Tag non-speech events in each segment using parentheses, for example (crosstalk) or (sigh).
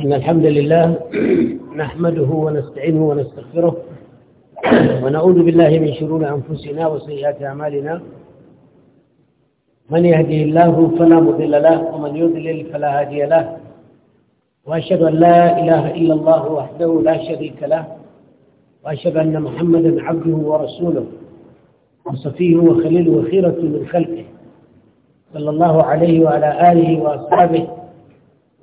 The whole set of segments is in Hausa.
إن الحمد لله (clears throat) نحمده ونستعينه ونستغفره (clears throat) ونعوذ بالله من شرور أنفسنا وسيئات أعمالنا من يهدي الله فلا مضل له ومن يضلل فلا هادي له وأشهد أن لا إله إلا الله وحده لا شريك له وأشهد أن محمدا عبده ورسوله وصفيه وخليله وخيرة من خلقه صلى الله عليه وعلى آله وأصحابه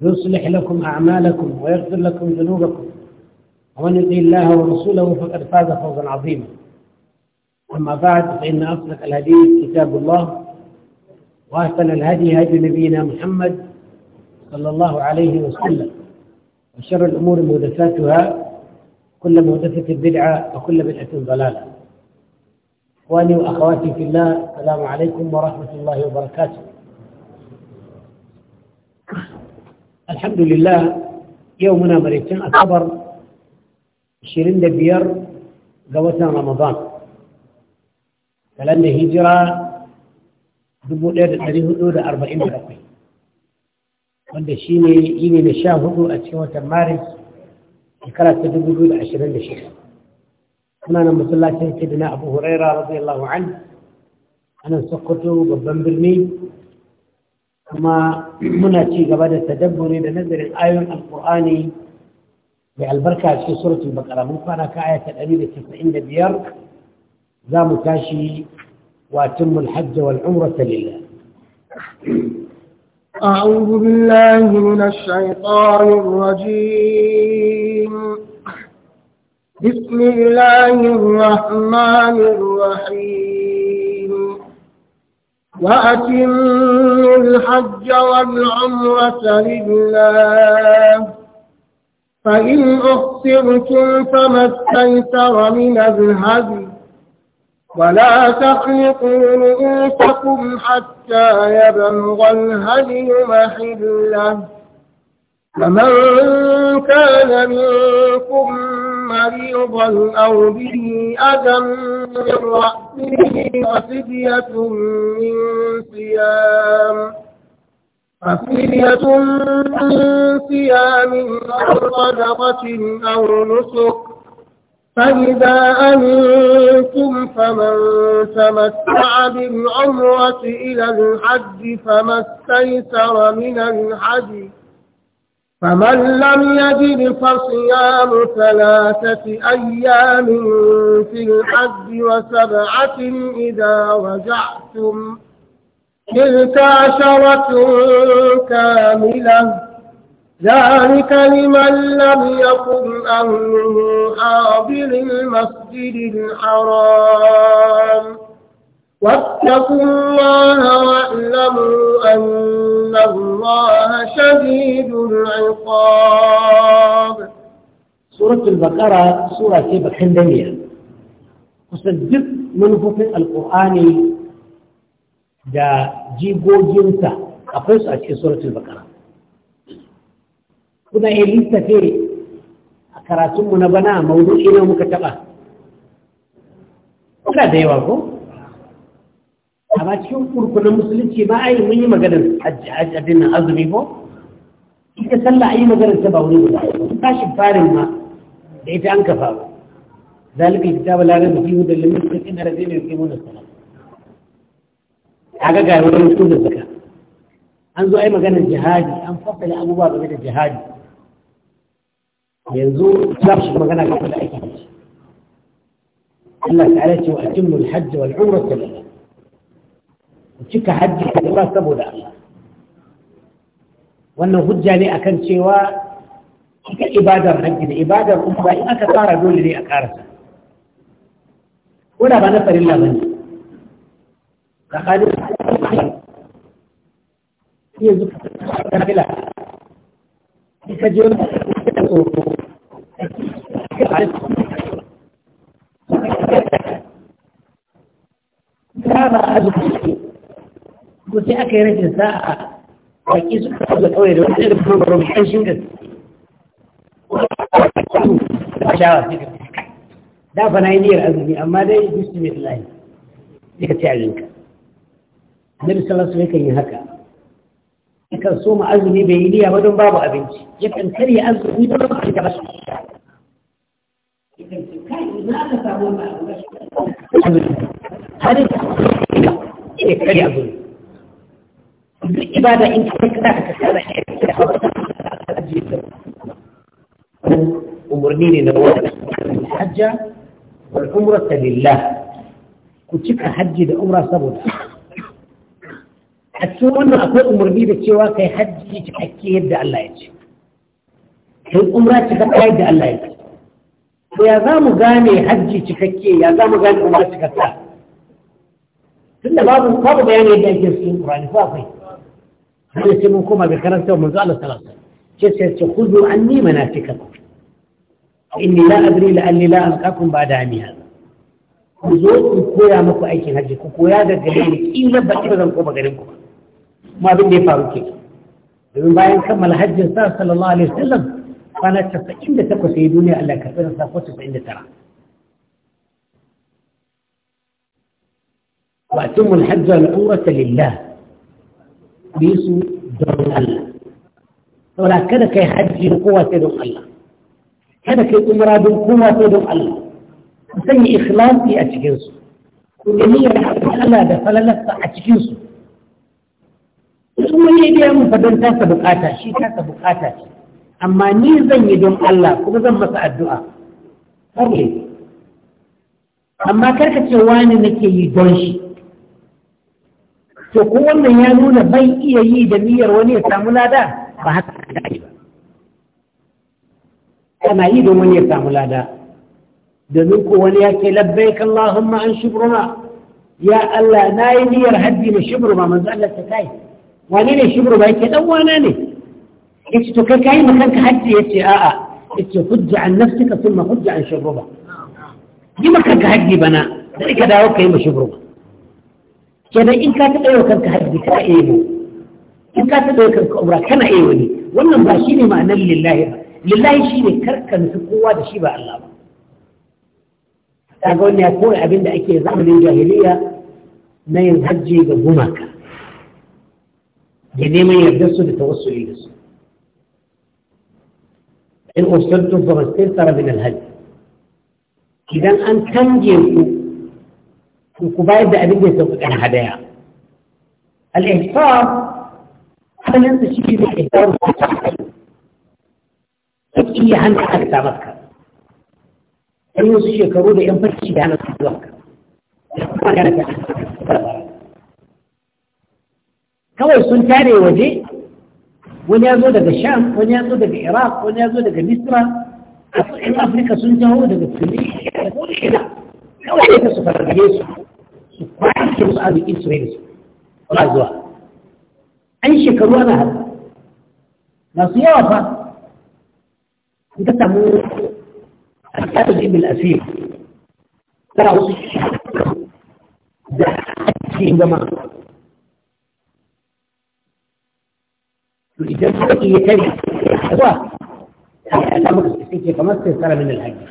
يصلح لكم أعمالكم ويغفر لكم ذنوبكم ومن يطيع الله ورسوله فقد فاز فوزا عظيما أما بعد فإن أصدق الحديث كتاب الله وأحسن الهدي هدي نبينا محمد صلى الله عليه وسلم وشر الأمور مهدفاتها كل مهدفة بدعة وكل بدعة ضلالة إخواني وأخواتي في الله السلام عليكم ورحمة الله وبركاته alhamdulillah yau muna maraicin asabar 25 ga watan ramadan kalandar hijira 1447 wanda shi ne yini na sha hudu a cikin watan maris shekara ta 2026 suna nan masallacin sidina abu huraira radiyallahu an anan sokoto babban birni kuma muna ci gaba da tadabburi da nazarin ayoyin alkur'ani mai albarka a cikin suratul baqara mun fara ka aya ta 195 za mu tashi wa timmul hajj wal umrata lillah أعوذ بالله من الشيطان الرجيم بسم الله الرحمن الرحيم وأتموا الحج والعمرة لله فإن أخسرتم فما استيسر من الهدي ولا تخلقوا رؤوسكم حتى يبلغ الهدي محله فمن كان منكم مريضا أو به أذى من رأسه وفدية من صيام ففدية من صيام أو صدقة أو نسك فإذا أنتم فمن تمتع بالعمرة إلى الحج فما استيسر من الحج فمن لم يجد فصيام ثلاثة أيام في الحج وسبعة إذا رجعتم تلك عشرة كاملة ذلك لمن لم يكن أهله حاضر المسجد الحرام واتقوا الله واعلموا أن الله شديد العقاب سورة البقرة سورة كبحن دنيا kusan manufofin alkur'ani da jigoginsa akwai su a cikin suratul bakara kuna iya littafe a karatunmu na bana maudu'i ne muka taɓa kuna da yawa ko amma cikin kurkunan musulunci ba a yi mun yi maganar addinin azumi ko ita sallah a yi maganar ta ba wani guda tashin farin ma da ita an kafa ba zalika ita ba lagar da fiye da limin da kina rabe ne ke muna sana kaga ga wani mutum da zaka an zo a yi maganar jihadi an fassala abubuwa game da jihadi yanzu za su magana game da aiki Allah ta'ala ce wa atimmu al-hajj wal umrata lillah ku cika hajji da umra saboda Allah wannan hujja ne akan cewa ita ibadar hajji da ibadar umra in aka fara dole ne a karasa ko da ba na farilla bane ka kadi yanzu ka fila ka je wani tsoro ta ba azumi ko sai aka yi rashin sa'a baki su ka da kawai da wani irin kuma baro mai ƙanshin da a shawa sai ka da fa na yi niyyar azumi amma dai bisu mai tsalaye sai ka ci abinka annabi sallallahu alaihi wasallam yi haka yakan so mu azumi bai yi niyya ba don babu abinci yakan karya azumi don babu abinci ba shi yakan ce kai ina aka samu wannan abu ba shi har ya karya azumi العبادة أنت تكتاك تسابح أمرني لنوات الحجة والعمرة لله كنت شكا حجي ده عمرة سبوت حسوا أنه أكون أمرني بتشوا كي حجي تحكيب ده الله يجي كي عمرة تحكيب ده الله يجي ويا ذا مغاني حجي تحكيب يا ذا مغاني عمرة تحكيب tunda babu babu bayanin yadda ake cikin Qur'ani ko akwai هل يتمكم بخلافته ومن ذلك الثلاثة جسد ستخذوا عني مناسككم إني لا أدري لأني لا أنقاكم بعد عني هذا وزوجكم كويا مكو أي شيء هجي كويا ذا قليلك إيه لبا بذن كوبا قليلكم ما بين لي فاروكي لمن بايا نكمل هجي الثالث صلى الله عليه وسلم فانا اتشفت عند تكو سيدوني ألا كفر ساقوتي فعند ترى وأتم الحجة الأورة لله ku yi don Allah saboda kada kai hajji da kowa sai don Allah kada kai umra don kowa sai don Allah ku sanya ikhlasi a cikin su ku nemi Allah da falalarsa a cikinsu kuma in wani ya biya mun fadon tasa bukata shi tasa bukata ce amma ni zan yi don Allah kuma zan masa addu'a kare amma karka ce wani nake yi don shi to ko wannan ya nuna bai iya yi da niyyar wani ya samu lada ba haka da ba kana yi domin ya samu lada domin ko wani ya ce labbaik Allahumma an shibruna ya Allah na yi niyyar haddi na shibru ba manzo Allah ta kai wani ne shibru ba yake dan wana ne yace to kai kai makan ka haddi yace a'a yace hujja an nafsika thumma hujja an shibru ba yi makan ka haddi bana sai ka dawo kai ma shibru ba kenan in ka taɓa yau kanka hajji kana iya yabo in ka taɓa yau kanka umra kana iya wani wannan ba shi ne ma'anar lillahi ba lillahi shi ne karka nufi kowa da shi ba Allah ba kaga wannan ya koya abin da ake zamanin jahiliya na yin hajji ga gumaka da neman yardar su da tawassuli da su in usultu fa mastirtara min alhajj idan an kange ku وكبايد ده أبيك يسوقك أنا هدايا الإحصار هل أنت شيء في الإحصار وكتاك إيه هنك أكتابتك هل يوز شيء كرودة ينفت شيء بيانا تتوقع كوي سن تاري وجي ونيازو دك الشام ونيازو دك العراق ونيازو دك مصر أفريقيا سن تهو دك السنين يقول إيه لا كوي سن تاري وجي su kwashe su abin isra'ila su ba zuwa an shekaru ana haɗu masu yawa fa in ka samu a tsarin ibn asir tana wasu da ake gama idan ka iya tare zuwa ya samu da suke kamar sai tsara min alhaji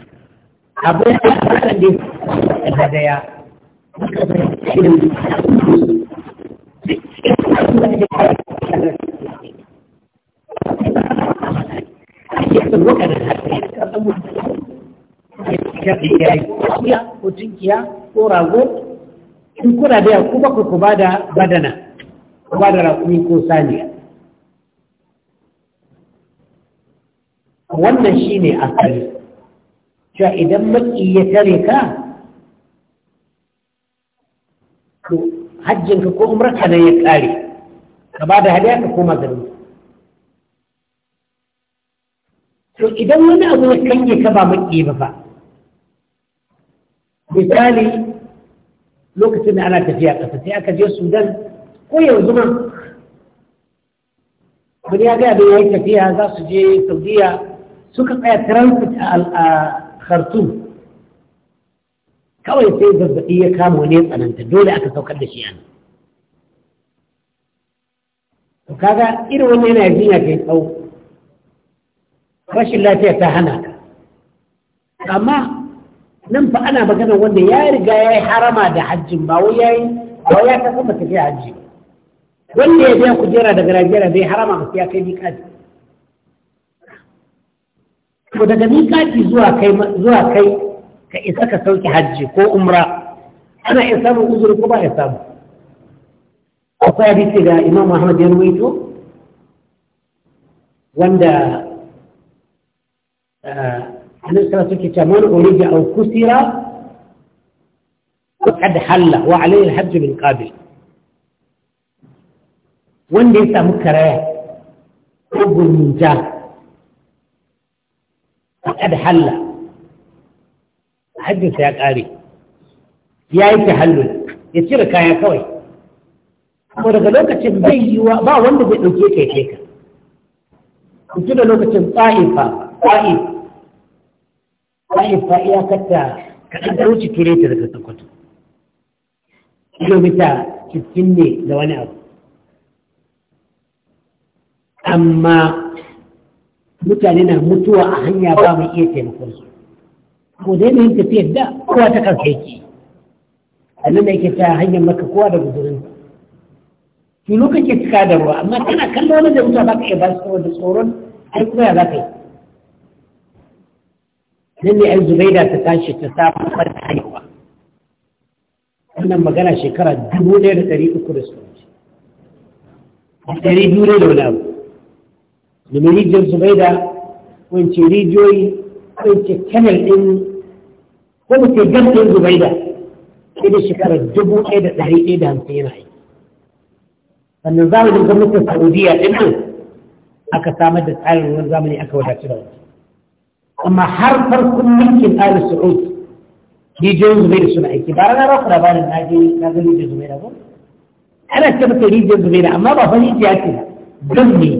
abin da ya fara da hadaya ko tunkiya ko rago in kuna da ku ba ku ba da badana ku ba da rakumi ko saniya wannan shine asali cewa idan maki ya tare ka hajjinka ko umrarka nan ya ƙare ka ba da hadiya ka koma garin to idan wani abu ya kange ka ba maƙi ba fa misali lokacin da ana tafiya ƙasa sai aka je sudan ko yanzu ma wani ya gaya da ya yi tafiya za su je saudiya suka tsaya transit a khartoum kawai sai zazzaɓi ya kama wani ya tsananta dole aka saukar da shi yana to kaga irin wani yana jinya kai tsawo rashin lafiya ta hana ka amma nan fa ana magana wanda ya riga ya yi harama da hajjin ba wai ya yi ba ya ta sama tafiya hajji wanda ya biya kujera daga Najeriya bai harama ba sai ya kai miƙati to daga miƙati zuwa kai zuwa kai ka isa ka sauke hajji ko umra ana iya samun uzuri ko ba ya samu akwai hadisi da imam ahmad ya ruwaito wanda annabi sallallahu alaihi wasallam man urija aw kusira faqad halla wa alayhi al-hajj min qabil wanda ya samu karaya ko gurmunta faqad halla hajjinsa ya ƙare ya yi tahallul ya cire kaya kawai ko daga lokacin bai wa, ba wanda zai ɗauke ka ya ka ku da lokacin tsa'ifa tsa'ifa ya kata kaɗan da wuce kere ta daga sokoto kilomita 60 ne da wani abu amma mutane na mutuwa a hanya ba mu iya taimakon su ko dai yin tafiyar da kowa ta kansa yake annan da yake ta hanyar maka kowa da guzurin tulu kake cika da ruwa amma tana kallon wani da wuta ba ka iya ba su da tsoron ai kuma ya za ka yi nan ne ai zubaida ta tashi ta samu farka haihuwa wannan magana shekara dubu ɗaya da ɗari uku da su ɗari biyu ne da wani abu domin rijiyar zubaida wance rijiyoyi wance kanal ɗin ko mu ce gaskin zubaida sai da shekarar dubu ɗaya da ɗari ɗaya da hamsin yana yi sannan zamanin gwamnatin saudiya ɗin nan aka samar da tsarin wani zamani aka wadace da wani amma har farkon mulkin tsarin su'ud rijiyoyin zubaida suna aiki ba ranar rafa labarin na je na ga rijiyar zubaida ba ana ce mata rijiyar zubaida amma ba fa rijiya ce don ne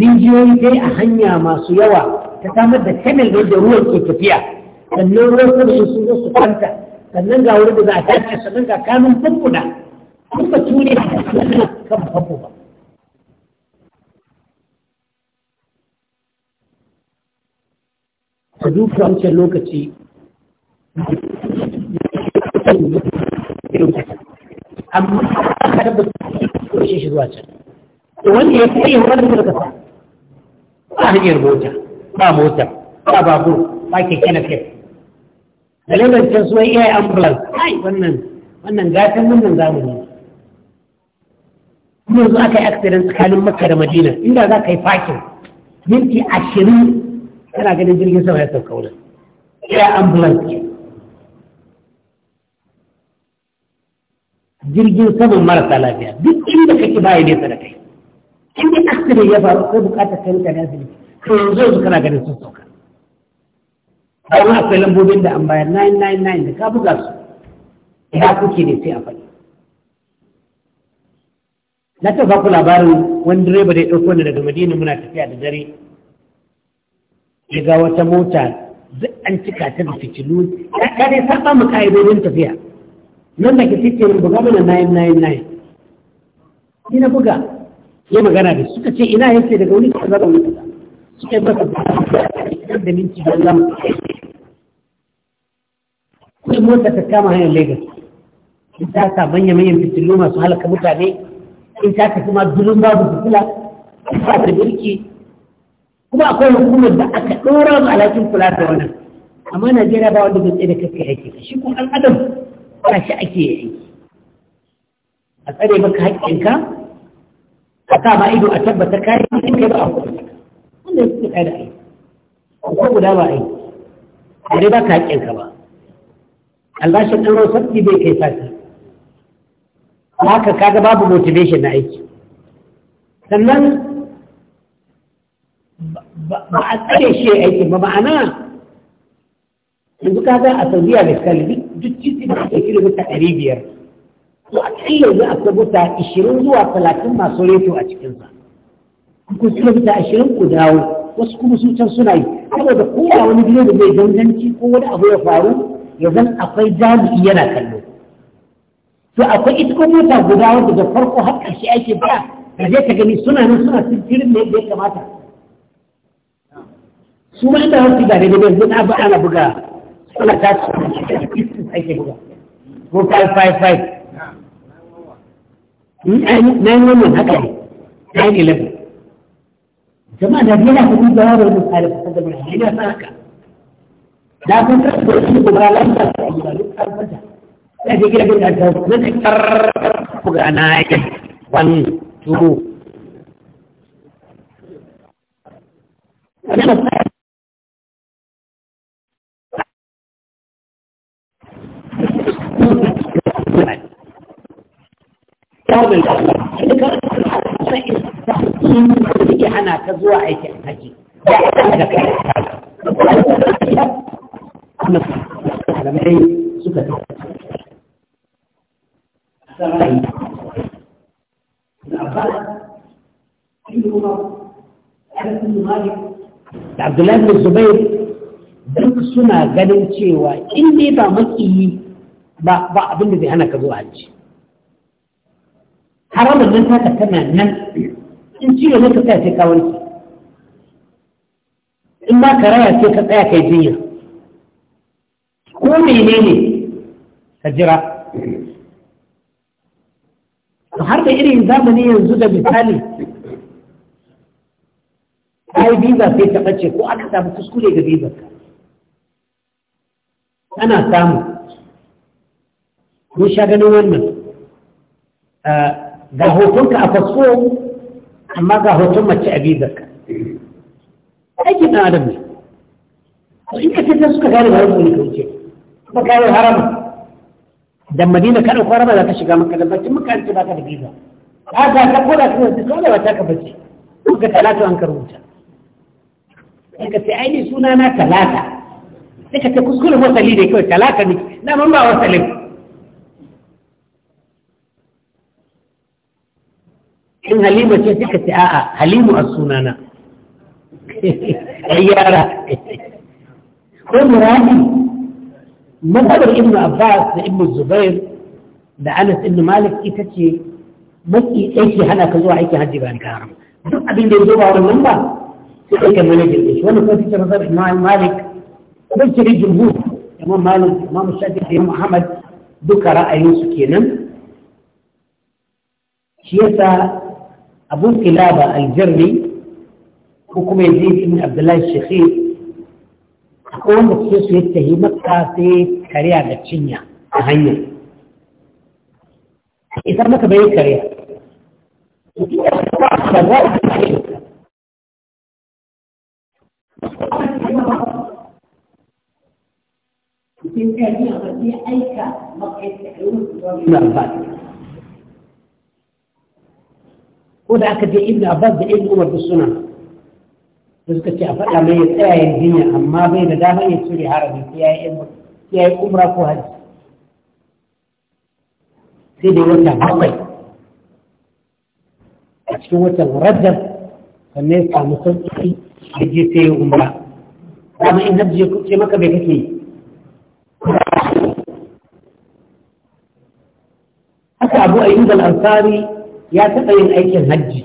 rijiyoyi dai a hanya masu yawa ta samar da kanal da ruwan ke tafiya sannan ruwan sama in sun zo su kwanta sannan ga wurin da za a tashi sannan ga kanun famfuna kun ba tune kan famfo ba a duka wancan lokaci amma ka ba ko shi zuwa can wanda ya kai wani daga ba hanyar mota ba mota ba babur ba keke na da lalancin su ai ambulance ai wannan wannan gatan wannan zamani kuma yanzu aka yi accident tsakanin makka da madina inda za ka yi fakin minti ashirin kana ganin jirgin sama ya sauka wurin ya ambulance jirgin sama marasa lafiya duk inda kake baya nesa da kai inda accident ya faru kai bukatar kai mutane asibiti kai yanzu yanzu kana ganin sun sauka kuma akwai lambobin da an bayar 999 da ka buga su ya kuke ne sai a faɗi na taɓa ku labarin wani direba da ya ɗauko ne daga madina muna tafiya da dare ya ga wata mota zai an cika ta da fitilu ya dai saba mu ka'idodin tafiya nan da ke titi mun buga mana 999 ni na buga ya magana da suka ce ina yake daga wani kaza da wani kaza suka yi masa da da minti da zamu sai mota ta kama hanyar Legas in ta sa manya manyan fitilu masu halaka mutane in ta tafi ma durin babu fitila ba ta birki kuma akwai hukumar da aka ɗora ma alhakin kula da wannan amma Najeriya ba wanda bai da kake aiki shi kuma an adam ba shi ake yi a tsare maka haƙƙinka a sa ma ido a tabbata kayan in kai ba a hukunta wanda ya fi kai da aiki ko guda ba aiki a dai ba ka haƙƙinka ba albashin ɗan rawar sabbi bai kai sati haka kaga babu motivation na aiki sannan ba a tsare shi aiki ba ma'ana yanzu ka ga a saudiya da kalbi duk titi da ake mutu ɗari biyar to a kan yanzu a mutu ashirin zuwa talatin masu reto a cikinsa ku mutu ashirin ku dawo wasu kuma su can suna yi saboda kowa wani bidiyo da mai danganci ko wani abu ya faru ya zan akwai jami'i yana kallo to akwai ita mota guda wadda da farko har ƙarshe ake ba da je ka gani suna nan suna sirrin ne da ya kamata su ma inda wasu ga daidai bai zuna ba ana buga suna ta su ake buga ko 555 na yi wannan haka ne na yi 11 jama'a da biya na kudi da yawon misali fasar da mulki ya sa haka da kun ta da shi ku ga lamba ta gida duk kan mata sai ji gida gida ta zai kar ku ga na yake wani tuku da ya hana ka zuwa aikin haji da ya da kuma malamai suka ta da abbas da abdullahi bin zubair duk suna ganin cewa in dai ba makiyi ba ba abin da zai hana ka zo hajji haramun nan taka tana nan in cire ka tsaya sai ka wanke in ba raya sai ka tsaya kai jinya ko menene ka jira har da irin zamani yanzu da misali ai biza sai ta ɓace ko aka samu kuskure ga bizar ka ana samu mun sha ganin wannan ga hotonka a fasko amma ga hoton mace a bizar ka aikin ɗan adam ne in ka ce suka gane ba wani kauce مكة الهرم دم مدينة كانوا خرمة لا تشقى مكة لبتش مكة أنت بات الجيزة هذا تقول أكل الدخول ولا تكبت مكة ثلاثة أنكروتها لك تعيني سنانا تلاتة لك تقول كل وصلي لك ثلاثة نك نعم الله وسلم إن هليمة تلك تعاء هليمة السنانا أيارا (laughs) ومرادي (laughs) mazhabar ibn abbas da ibn zubair da anas ibn malik ita ce mafi aiki hana ka zuwa aikin hajji bayan ka haram duk abin da ya zo ba wannan ba sai aikin manajan ne shi wannan kuma cikin mazhabar imam malik zai cire jumhur imam malik imam shafi da imam ahmad duka ra'ayinsu kenan shi yasa abu kilaba aljarri ko kuma yazid ibn abdullahi shakhir akwai wanda ke su yattahi sa sai kariya da cinya a hanyar isa maka bai kariya ko da aka je ibn abbas da ibn umar da sunan da suka ce a faɗa mai ya tsaya jinya amma bai da dama ya cire harami sai ya yi umra ko hajji sai dai wata bakwai a cikin watan rajab sannan ya samu sauƙi da je sai ya umra dama in hajji ya kuce maka bai kake yi haka abu ayyub ansari ya taɓa yin aikin hajji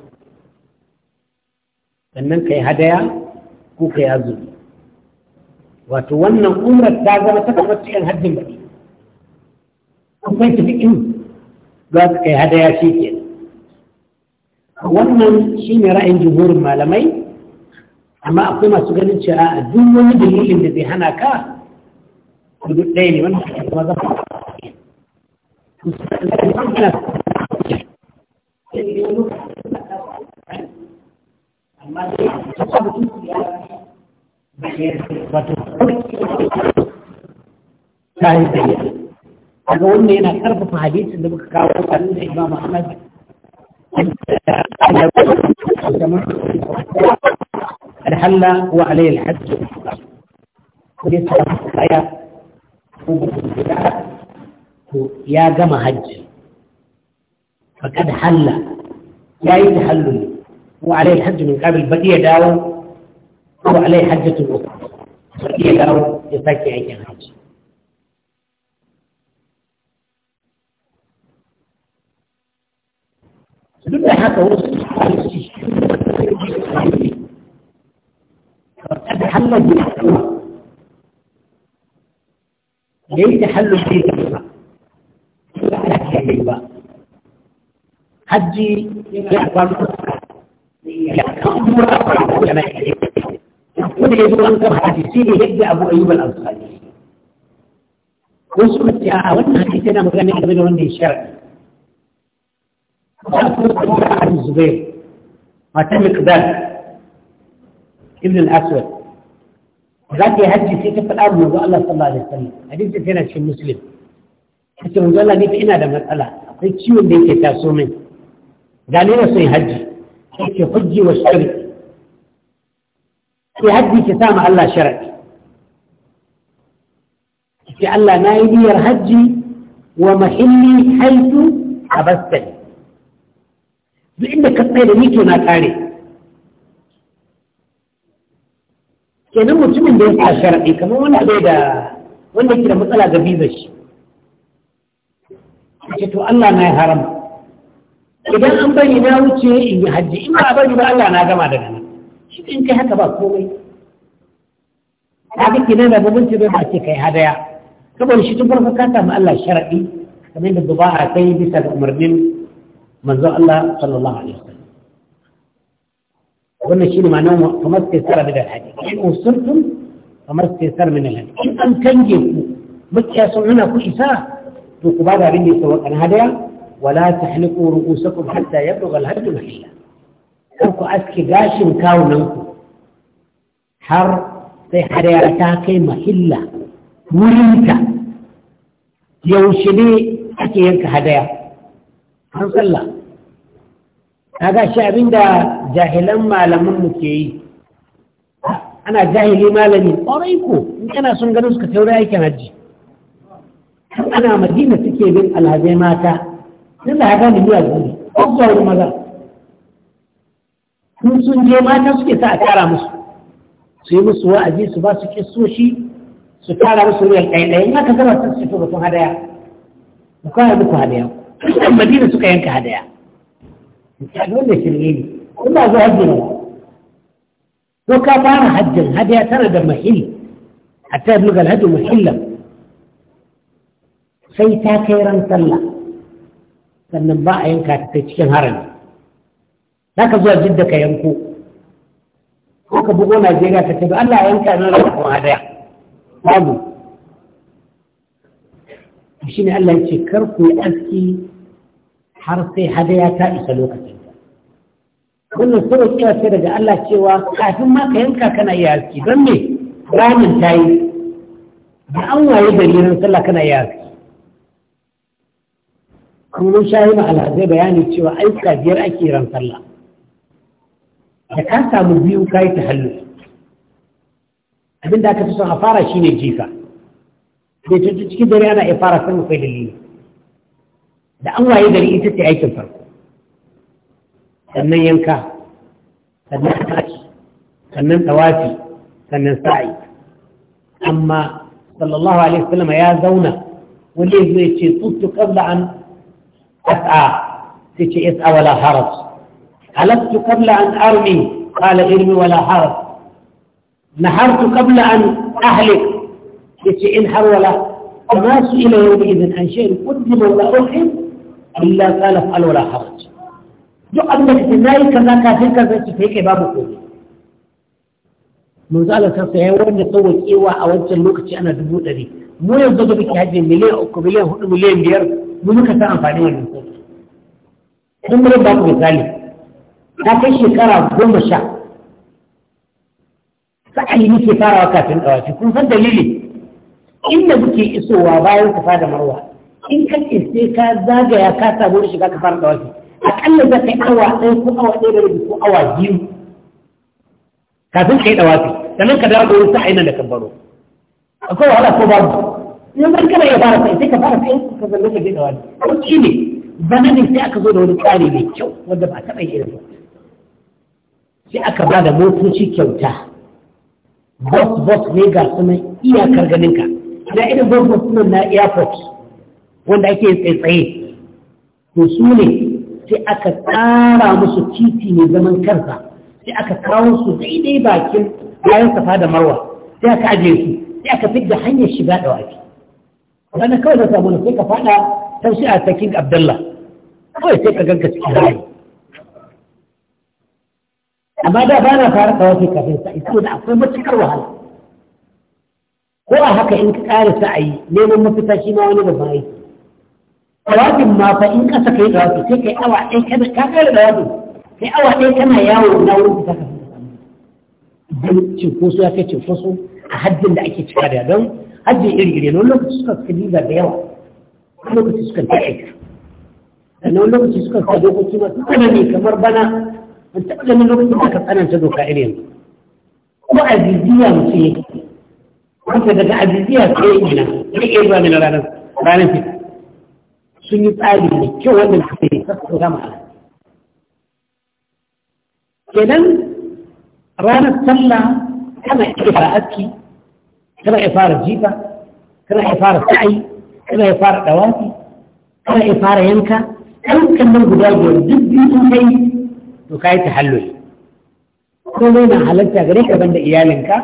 sannan ka yi hadaya ko ka yi azumi wato wannan umar ta zama ta kamar cikin hajjin kai tafi tafi'in za su kai hadaya shi ke wannan shi ne ra'ayin jihurin malamai amma akwai masu ganin cewa a duk wani dalilin da zai hana ka duk ɗaya ne wannan kuma zama Thank you. amma dai a kwamfutun su ya wato ta yi tsaye kaga wannan yana karfafa hadisin da muka kawo kan da imam ahmad الحل وعليه الحج يا جمع حج فقد حل لا يتحلل وعليه الحج من قبل بقي داو أو عليه حجة أخرى بقي داو يفكي أي حج لما حتى وصل ليس حل في حجي يحفظ يقول يقول يجب أن تبحث أبو أيوب الأنصاري وصلت يا أولنا حديثنا مغني قبل مني الشرع وأقول أبو الزبير ما تم قدام ابن الأسود ذاك يهجي في كف الأرض من الله صلى الله عليه وسلم حديث فينا في مسلم حتى من الله نيف إنا لما تلا أقول شو اللي تتاسو منه قال لنا سيهجي حجي واشتري sai haddi ki sa ma Allah sharadi ki Allah na yi hajji wa mahilli haitu abastani duk inda ka tsaye da ni to na kare kenan mutumin da ya sa sharaɗi kamar wanda bai da wanda ke da matsala ga biza shi ce to Allah na ya haram idan an bari na wuce in yi hajji in ba a bari ba Allah na gama daga nan شوف انت هكا مفهومي هذيك نانا بقول تبي ما تكي هذا يا قبل شو تقول فكانت ما الله شرعي كمان الضباع كي بس عمر من من ذا الله صلى الله عليه وسلم قلنا شيء ما نوم فما استيسر بهذا الحديث إن أصرتم فما استيسر من الهن إن أن تنجبوا مكة سمعنا كل ساعة تقبادها بني سواء هذا ولا تحلقوا رؤوسكم حتى يبلغ الهدي المحيلة kar ku aske gashin kawunanku har sai hadayata ta kai mahilla wurinta yaushe ne ake yanka hadaya an sallah na gashi abinda jahilan malaminmu ke yi ana jahili malami ƙwarai ko in kana sun ganin suka taura aikin hajji ana madina suke bin alhazai mata sun da haka ne biya zuri ko maza kun sun je mata suke sa a tara musu su yi musu wa'azi su ba su kisoshi su tara musu ruwan ɗaiɗai in aka zama sun fito batun hadaya ku kawo muku hadaya kusan madina suka yanka hadaya misali wanda shirye ne kun ba zuwa hajji ne ko ka fara hajjin hadaya tana da mahil a ta yi lugar hajji muhillan sai ta kai ran sallah sannan ba a yanka ta cikin harami za ka zuwa jidda ka yanko ko ka bugo najeriya ka tafi allah yanka na da kuma hadaya babu shi ne allah ya ce kar ku yi aski har sai hadaya ta isa lokacin wannan sura cewa sai daga Allah cewa kafin ma ka yanka kana iya aski don me ramin ta yi da an waye gari sallah kana iya aski kuma mun sha yi alhazai bayani cewa aika biyar ake ran sallah da ka samu biyu ka yi ta hannu abinda aka fi son a fara shi ne jifa da cutu cikin dare ana iya fara sanin kai dalili da an waye gari ita ce aikin farko sannan yanka sannan tashi sannan tawafi sannan sa'i amma sallallahu alaihi wasallam ya zauna wani zai ce tuttu qabla an as'a sai ce is'a wala haraj حلبت قبل أن أرمي قال ارمي ولا حرب نحرت قبل أن أهلك بس إن حرولا وما سئل يومئذ عن شيء قدم ولا أرحم إلا قال افعل ولا حرج جو أنك تنائي كذا كافر كذا تفيك بابو كوني موزالة سنصيحة وين يطوك إيوا أو أنت اللوكة أنا دبوتة دي مو يضب بك هذه المليئة أو كبليئة هنا مليئة مليئة مليئة مليئة مليئة مليئة مليئة مليئة مليئة مليئة مليئة ta kai shekara goma sha sa'ayi nake farawa kafin ɗawafi kun san dalili inda muke isowa bayan ka da marwa in ka sai ka zagaya ka samu da shiga ka fara ɗawafi aƙalla za ka yi awa ɗaya ko awa ɗaya da rabi ko awa biyu kafin ka yi ɗawafi sannan ka dawo da wani sa'ayi nan da kan baro akwai wahala ko babu in ban kana ya fara sai ka fara sai ka zanna ka je ɗawafi ko ne bana ne sai aka zo da wani tsari mai kyau wanda ba a taɓa yi irin ba sai aka ba da motoci kyauta bus bus ne ga sunan iyakar ganinka na irin bus bus sunan na airport wanda ake tsaitsaye to su ne sai aka tsara musu titi mai zaman karsa, sai aka kawo su daidai bakin bayan safa da marwa sai aka ajiye su sai aka fidda hanyar shiga da wafi wannan kawai da samu sai ka fada tausi a sakin abdullah kawai sai ka ganka cikin rayu amma da ba na fara kawo wasu kafin sa'i da akwai matuƙar wahala ko a haka in ka ƙara sa'ayi neman mafita shi ma wani babban aiki tawafin ma fa in ƙasa kai tawafi sai kai awa ɗaya kana ka ƙara tawafin sai awa ɗaya kana yawo na wurin fita kafin don cinkoso ya kai cinkoso a haddin da ake cika da don hajji iri-iri na lokaci suka fi riba da yawa lokaci suka fi aika sannan lokaci suka fi dokoki masu tsanani kamar bana أن تعلم الوقت المكتب أنا أنت ذوك إليهم وعزيزية مسيح وأنت ذاك عزيزية كيئنا كيئنا إيه من الأرض فأنا فيك سنة آلية كيو هم الحبيب فكروا كما أنا كذلك رانا تلا كما إفارة أكي كما إفارة جيبة كما إفارة سعي كما إفارة دواتي كما إفارة ينكا أنت كم من قدال جيب جيب جيب to kai tahalluli komai na halatta gare ka banda iyalinka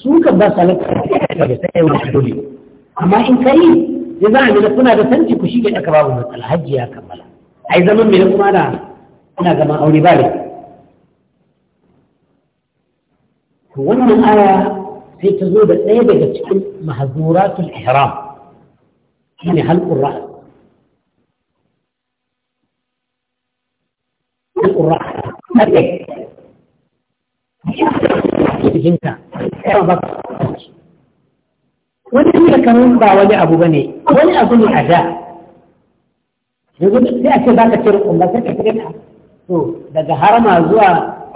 su ka ba su halatta ka da sai wani tahalluli amma in kai ya za a nuna kuna da sanci ku shige ɗaka babu matsala hajji ya kammala ai zaman mai kuma na ana zaman aure ba ne wannan aya sai ta zo da ɗaya daga cikin mahazuratul ihram shine halqur ra's القرآن أبيك jikinka yawa ba wani ne kamar ba wani abu bane wani abu ne a da sai a ce ba ka cire umra sai ka cire ta to daga harama zuwa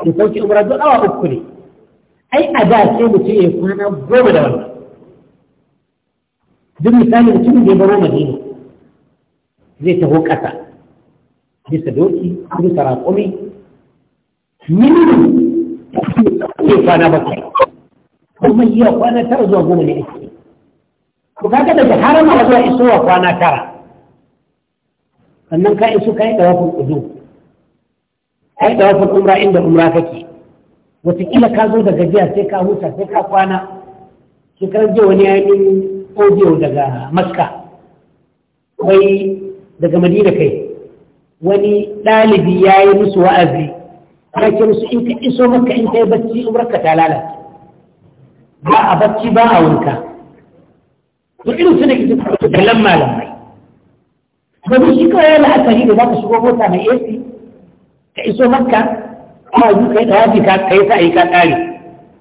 da sauki umra zuwa awa uku ne ai a da sai mutum ya kwana goma da wannan duk misali mutumin da ya baro madina zai taho ƙasa bisa doki bisa raƙumi minimum ya kwana bakwai kuma wa kwana tara zuwa goma ne ake ku kaga daga harama zuwa isowa kwana tara sannan ka iso ka yi dawafin kudu ka yi dawafin umra inda umra kake wataƙila ka zo da jiya sai ka huta sai ka kwana shekarar jiya wani ya yi audio daga maska, wai daga madina kai wani ɗalibi ya yi musu wa'azi ya ce musu in ka iso maka in kai bacci umrarka ta lalace ba a bacci ba a wurka to irin suna ke cikin galan malamai domin shi kawai yana yi da za ka shigo mota mai ac ka iso maka a yi kai da yaji ka kai ta yi ka ƙare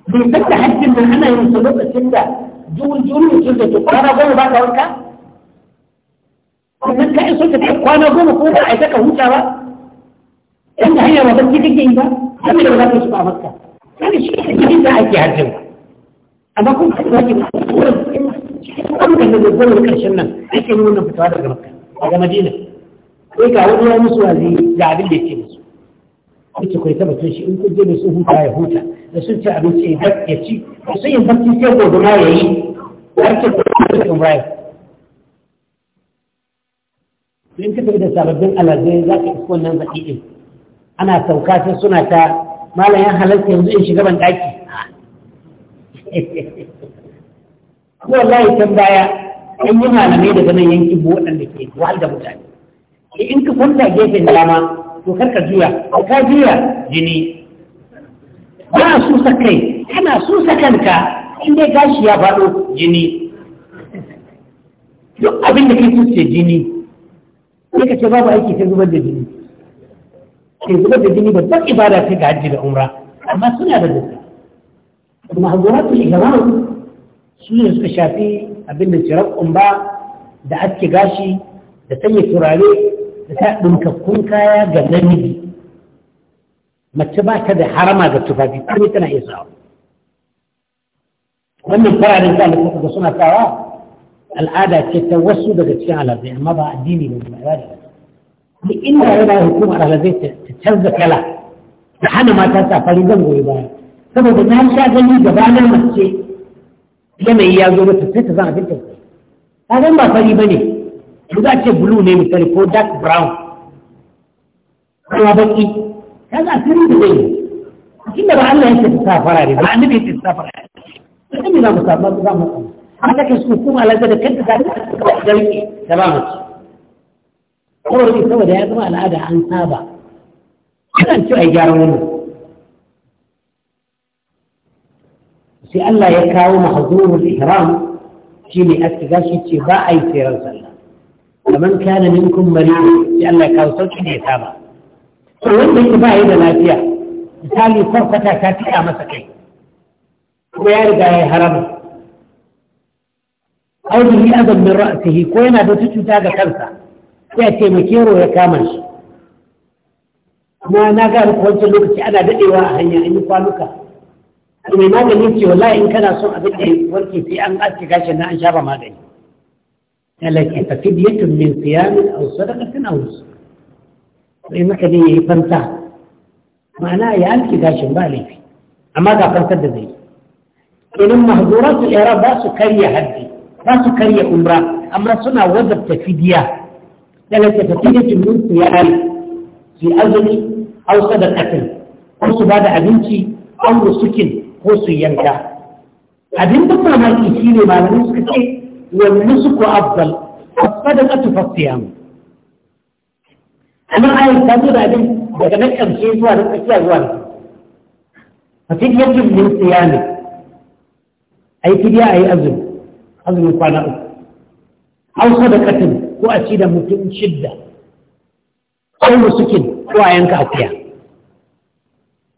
bai san da hajjin nan ana yin su lokacin da jurin jurin mutum da tukwara goma ba ka wurka sannan ka iso ka kai kwana goma ko ba a yi ka huta ba in da hanyar wasan ki kake yi ba sai da ba za ka shiga makka sai shi ne cikin da ake hajjin amma kun ka zaki ba kuma da da gwamnati karshen nan ake yi wannan fitawa daga makka ga madina sai ga wani ya musu wazi ga abin da yake musu kuce kai tabbatar shi in kun je da sun huta ya huta da sun ci abinci ya ci da sun yi barci sai gobe ma ya yi har ke kuma da sun bayar in ka tafi da sababbin alazai za ka isko nan zaɓi ɗin ana sauka sai suna ta malam ya halarta yanzu in shiga ban ɗaki (laughs) ko wallahi can baya an yi malamai daga nan yankin bu waɗanda ke wahal da mutane in ka kwanta gefen dama to kar ka juya ko ka juya jini ba su sakai kana su kanka in dai gashi ya faɗo jini duk abin da kai kusa jini sai ka ce babu aiki sai zubar da jini sai zubar da jini babban ibada ta ga hajji da umra amma suna da dukkan mahazuratul ihram su ne suka shafi abin da cirar kumba da ake gashi da sanya turare da ta ɗinkakkun kaya ga namiji mace ba ta da harama ga tufafi kuma tana iya sawa wannan fararen da suna sawa al'ada ce ta wasu daga cikin alazai amma ba addini ba ne ba da duk inda ya bayar hukumar alazai ta canza kala ta hana mata ta fari zan goyi baya saboda na sha gani na mace yanayi ya zo mata sai ta zan abin tausayi ta zan ba fari ba ne to za a ce blue ne misali ko dark brown kuma baki ta za a sirri da zai yi inda ba Allah ya ce ta sa farare ba annabi ya ce ta sa farare sai me za mu sa ba za mu لكن سوكوما لازم كنت تعلم تماما قولي سوى ده ما لعدا عن سابا أنا أنت أي جارون سي الله يكاو محظور الإحرام شيني أتغاشي تباع أي سيرا سلا فمن كان منكم مريض سي الله يكاو صوتني سابا وين من تباع إذا لا فيها مثالي فرصة كاتية مسكي ويارد أي حرمه aw bihi adan min ra'sihi ko yana da wata cuta ga kansa sai a taimake ro ya kama shi kuma na ga muku wancan lokaci ana dadewa a hanya in kwaluka mai magani ce wallahi in kana son abin da warke sai an aske gashin na an shafa magani talaka fa fidyatun min siyamin aw sadaqatin aw sai maka ne yayi fanta ma'ana ya aske gashin ba laifi amma ga fantar da zai yi. kenan mahzuratul i'rab ba su karya haddi ba su karya umra amma suna wajabta fidiya dalaka ta fidiya tun su ya ai su azumi au sadaqatin ko su bada abinci an rusukin ko su yanka abin da mamaki shine malamai suka ce wal nusuku afdal as-sadaqatu fa siyam amma ai ta zo da abin daga nan karshe zuwa da tsakiya zuwa da fa fidiyatun min ne. ai fidiya ai azumi azumin kwana uku au katin ko a ci da mutum shidda au musukin ko a yanka akuya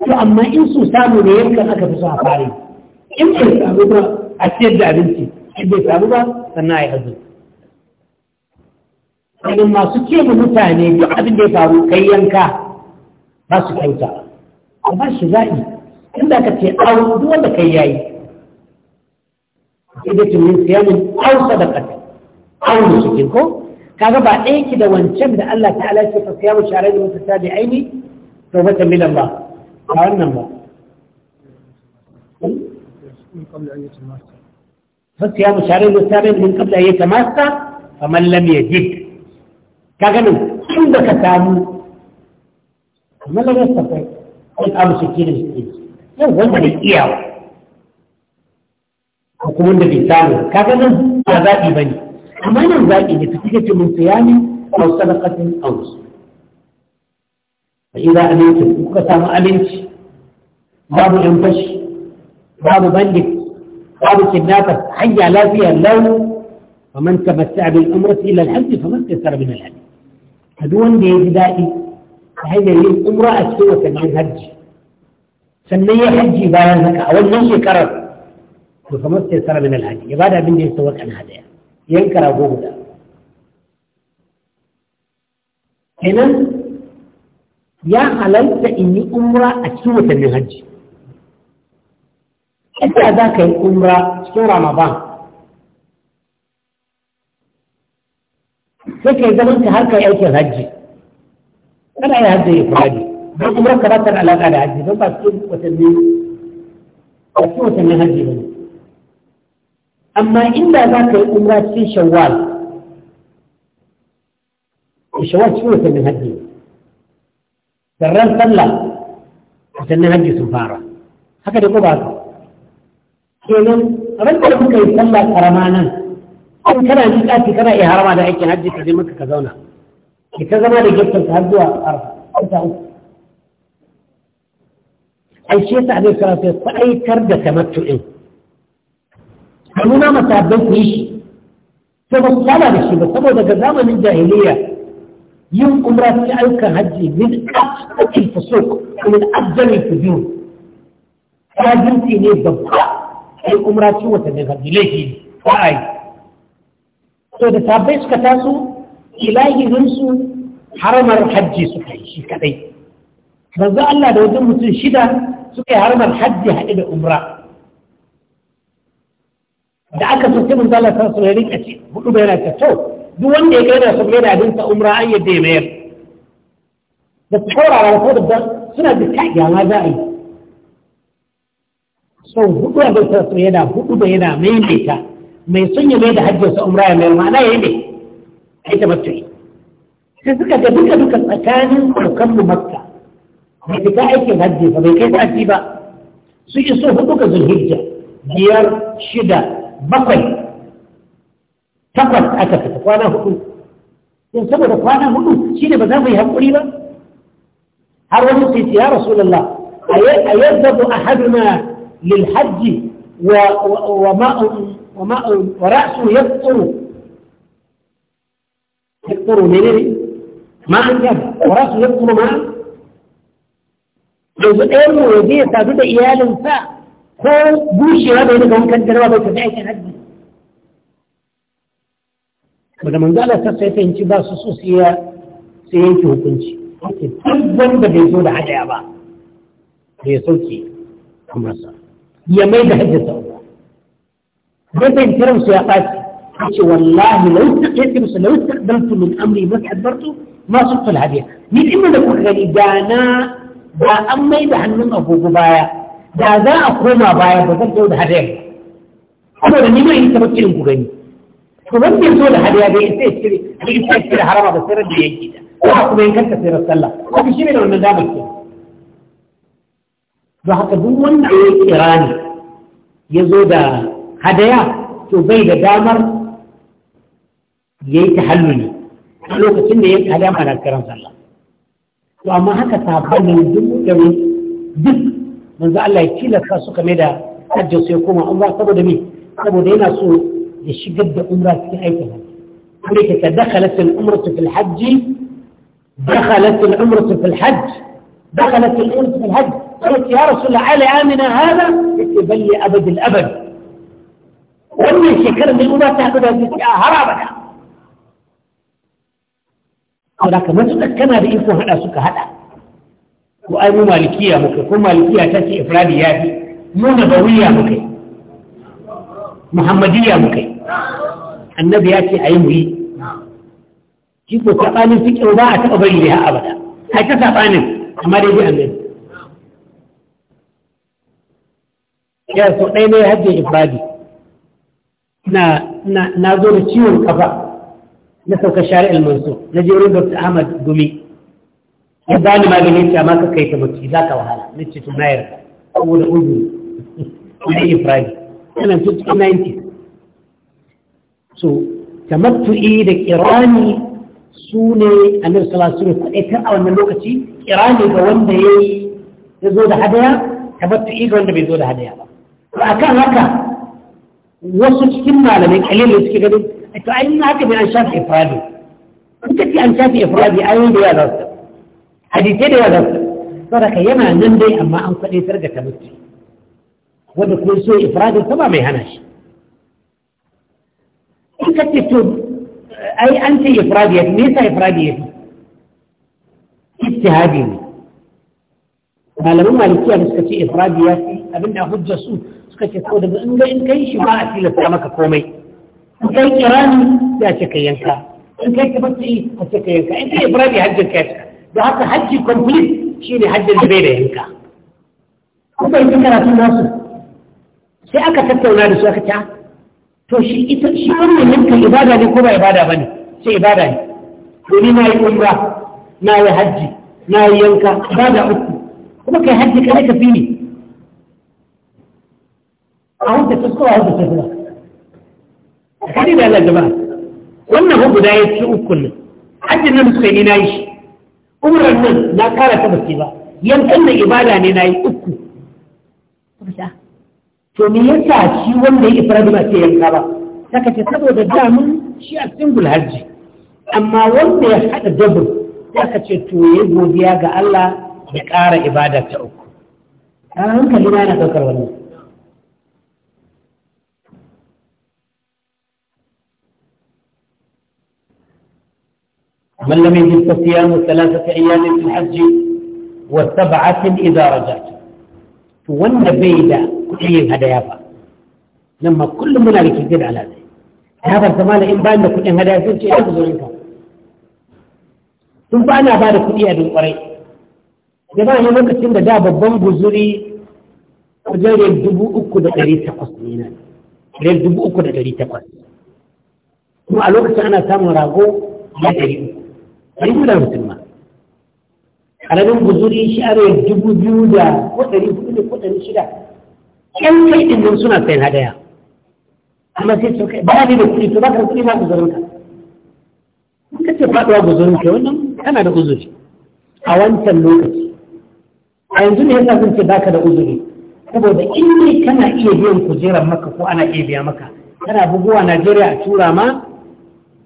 to amma in su samu ne yankan aka fi so a fare in bai samu ba a ciyar da abinci in bai samu ba sannan a yi azumi Sannan masu ce mu mutane duk abin da ya faru kai yanka ba su kyauta ba shi za'i inda ka ce aure duk wanda kai yayi idatun min siyamin aw sadaqati aw nusukin ko kaga ba ɗaya ki da wancan da Allah ta'ala ce fa siyamu sharai da mutasabi aini tawbatan min Allah ba wannan ba فصيام شهرين متابعين من قبل أن يتماسى فمن لم يجد كغنم عندك تامو فمن لم يستطع قل أبو سكين مسكين يوم وانت بالإياوة ko kuma wanda bai samu kaga nan ba zaɓi ba ne amma nan zaɓi ne ta cike cikin mun a wasu au aus au ina aminci idza amintum kuka samu aminci babu ɗan fashi babu bandit babu kidnapper hanya lafiya lau ومن تمتع بالعمرة duk wanda ya ji daɗi الحج hanyar yin بدائي a cikin عمرة hajji sannan ya hajji bayan haka a wannan shekarar to kamar sai sara min alhaji ya bada abin da ya sauka na hadaya yanka rago guda kenan ya halalta in yi umra a cikin watannin hajji ita za ka yi umra cikin ramadan sai ka yi zaman ka har ka yi aikin hajji kada ya hajji ya fadi don umra ka ba ta da alaƙa da hajji don ba cikin watannin hajji ba ne amma inda za ka yi umra cikin shawwal shawwal cikin watannin hajji da sallah watannin hajji sun fara haka da ko ba ka kenan ran da kuka yi sallah karama nan in kana ji kafi kana iya harama da aikin hajji ka je maka ka zauna ki ta zama da gefen ka har zuwa arfa uku ai shi yasa abin karatu ya faɗaitar da tamattu'in a nuna abin su yi shi sai ba su da shi ba saboda ga zamanin jahiliya yin umra cikin ayyukan hajji min asfakil fusuk min afdalil fujur kajinci ne babba ai umra cikin wata daga laifi ba a yi to da sabbai suka taso ilahirinsu haramar hajji suka yi shi kadai manzo Allah da wajen mutum shida suka yi haramar hajji haɗe da umra da aka so kimin zalla san su rika ce hudu bai rika to duk wanda ya gaida su gaida din ta umra an yadda ya mayar da tsorara ko da suna da kai ya ma za'i so hudu da ta san su yana hudu da yana maimaita mai son ya mai da hajji sa umra ya mayar ma'ana yayi ne ai ta mutu sai suka ga duka duka tsakanin kokan mu makka bai fita aikin hajji ba bai kai sati ba su iso hudu ga zulhijja biyar shida bakwai takwas aka fita kwana hudu yin saboda kwana hudu shi ne ba za mu yi haƙuri ba har wani sai ya rasulallah a yadda a haduna lil hajji wa ra'su ya tsoro ya tsoro ne ne ma an gaba wa ra'su ya tsoro ma yanzu ɗayan mu ya je ya sadu da iyalinsa ko bushewa bai daga wankan garwa bai tafi aikin hajji ba da manzo Allah sassa ya fahimci ba su so sai ya sai yanke hukunci ake duk wanda bai zo da hadaya ba da ya sauke kamarsa ya mai da hajji sa uwa bai fahimci ransu ya ɓaci ce wallahi lau taƙaitin su lau taƙadaltu min amri masu adbartu ma sun fi hadiya ni ɗin da kuka gani da na ba an mai da hannun agogo baya da za a koma baya ba zan da hadaya saboda ni ma yi taɓa kirin ku gani to ban bai so da hadaya bai isa ya cire bai isa ya cire harama ba sai da yanki ta ko a kuma yankan ta sai ran sallah haka shi ne da wannan damar ke don haka duk wanda ya kira ne ya zo da hadaya to bai da damar ya yi ta halluli a lokacin da ya yi hadaya ma na kiran sallah to amma haka sabanin duk da duk manzo Allah ya tilasta suka mai da hajjin su ya koma umra saboda me saboda yana so ya shigar da umra cikin aikin hajji kuma yake ta dakhalat al-umratu fil hajji dakhalat al-umratu fil hajj dakhalat al-umratu fil hajj قالت يا رسول الله على آمنا هذا قلت بل لأبد الأبد wannan shekarar da umar ta haɗu da zuciya har abada saboda kamar su kana da ikon haɗa suka haɗa ko ai mu malikiya muke ko malikiya ta ce ifradi ya fi mu nabawiya muke muhammadiya muke annabi ya ce ayi mu yi shi ko sabanin fiqh ba a taɓa bari ne har abada ai ta sabanin amma dai bi annabi ya so ɗaya ne hajjin ifradi na na na zo da ciwon kafa na sauka shari'al mansur na jerin wurin Dr. Ahmad Gumi ya bani magani ce amma ka kai ta bacci za ka wahala na ce to ko yarda saboda uzuri na ifrani yana cikin 90 so tamattu'i da kirani su ne annabi sallallahu alaihi wasallam kadai a wannan lokaci kirani ga wanda yayi ya zo da hadaya tamattu'i ga wanda bai zo da hadaya ba to akan haka wasu cikin malamai kalilu suke ganin to ai haka bai an shafi ifradi kuka kace an shafi ifradi ayoyi da yawa za hadisai da yawa za su saboda yana nan dai amma an kwaɗaitar da tabbati wanda kuma so ifradin sama mai hana shi in ka ce to ai an ce ifradi ya me yasa ifradi ya fi ijtihadi ne malamin malikiya da suka ce ifradi ya fi abinda hujja su suka ce ko daga in ga in kai shi ba a tilasta maka komai in kai kirani ya ce ka yanka in kai tabbaci a ce ka yanka in kai ifradi hajjin ka ya cika da haka hajji complete shi ne hajjin da bai da yanka kuma yi karatun nasu sai aka tattauna da su aka ta to shi ita shi wannan yanka ibada ne ko ba ibada ba ne sai ibada ne domin na yi umra na yi hajji na yi yanka ibada uku kuma kai hajji kai ka fi ne a wanda ta kowa wanda ta zuwa a kadi da Allah jama'a wannan hukuda ya ci uku ne hajjin nan suka yi na yi shi umran nan na kara ta bace ba yankan da ibada ne na yi uku to me yasa shi wanda ya ifradu da ce yanka ba saka ce saboda mun shi a singul hajji amma wanda ya haɗa dabur saka ce to ya godiya ga Allah ya kara ibada ta uku an hankali na na ɗaukar wannan من لم يجد فصيام ثلاثة أيام في الحج وسبعة إذا رجعت a بيدا كل هدايا لما كل منا يكذب على ذلك هذا الزمان إن بان كل هدايا في شيء يحفظ sun ba ana ba da kuɗi a dunƙwarai da ba ne lokacin da da babban guzuri wajen riyar dubu uku da ɗari takwas ne na riyar dubu uku da ɗari takwas kuma a lokacin ana samun rago ɗari uku ɗari biyu da hamsin ma ƙaramin guzuri shi aro dubu biyu da ko ɗari hudu da ko ɗari shida ƴan kai ɗin nan suna sayan hadaya amma sai su kai ba ne da kuɗi to ba ka kuɗi ba guzurin ka ka ce faɗuwa guzurin ka wannan kana da uzuri a wancan lokaci a yanzu ne yasa sun ce baka da uzuri saboda in ne kana iya biyan kujerar maka ko ana iya biya maka kana buguwa Najeriya a tura ma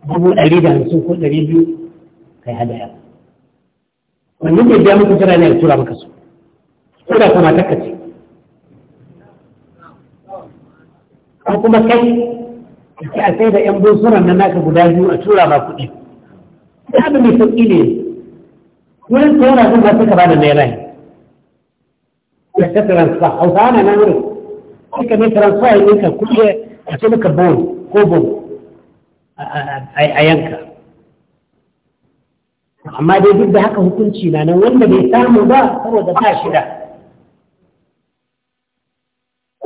dubu ɗari da hamsin ko ɗari biyu kai hadaya wannan bai biya muku tana ne ya tura maka su ko da kuma takka ce ko kuma kai ki a sai da yan bunsuran nan naka guda biyu a tura ma kuɗi da abin mai sauƙi ne wurin tsora sun ba suka ba da naira ne Ya ta transfer hausa ana nan wurin suka ne transfer ne ka kuɗi a ce maka bon ko bon a yanka amma dai duk da haka hukunci na nan wanda bai samu ba saboda ba shi da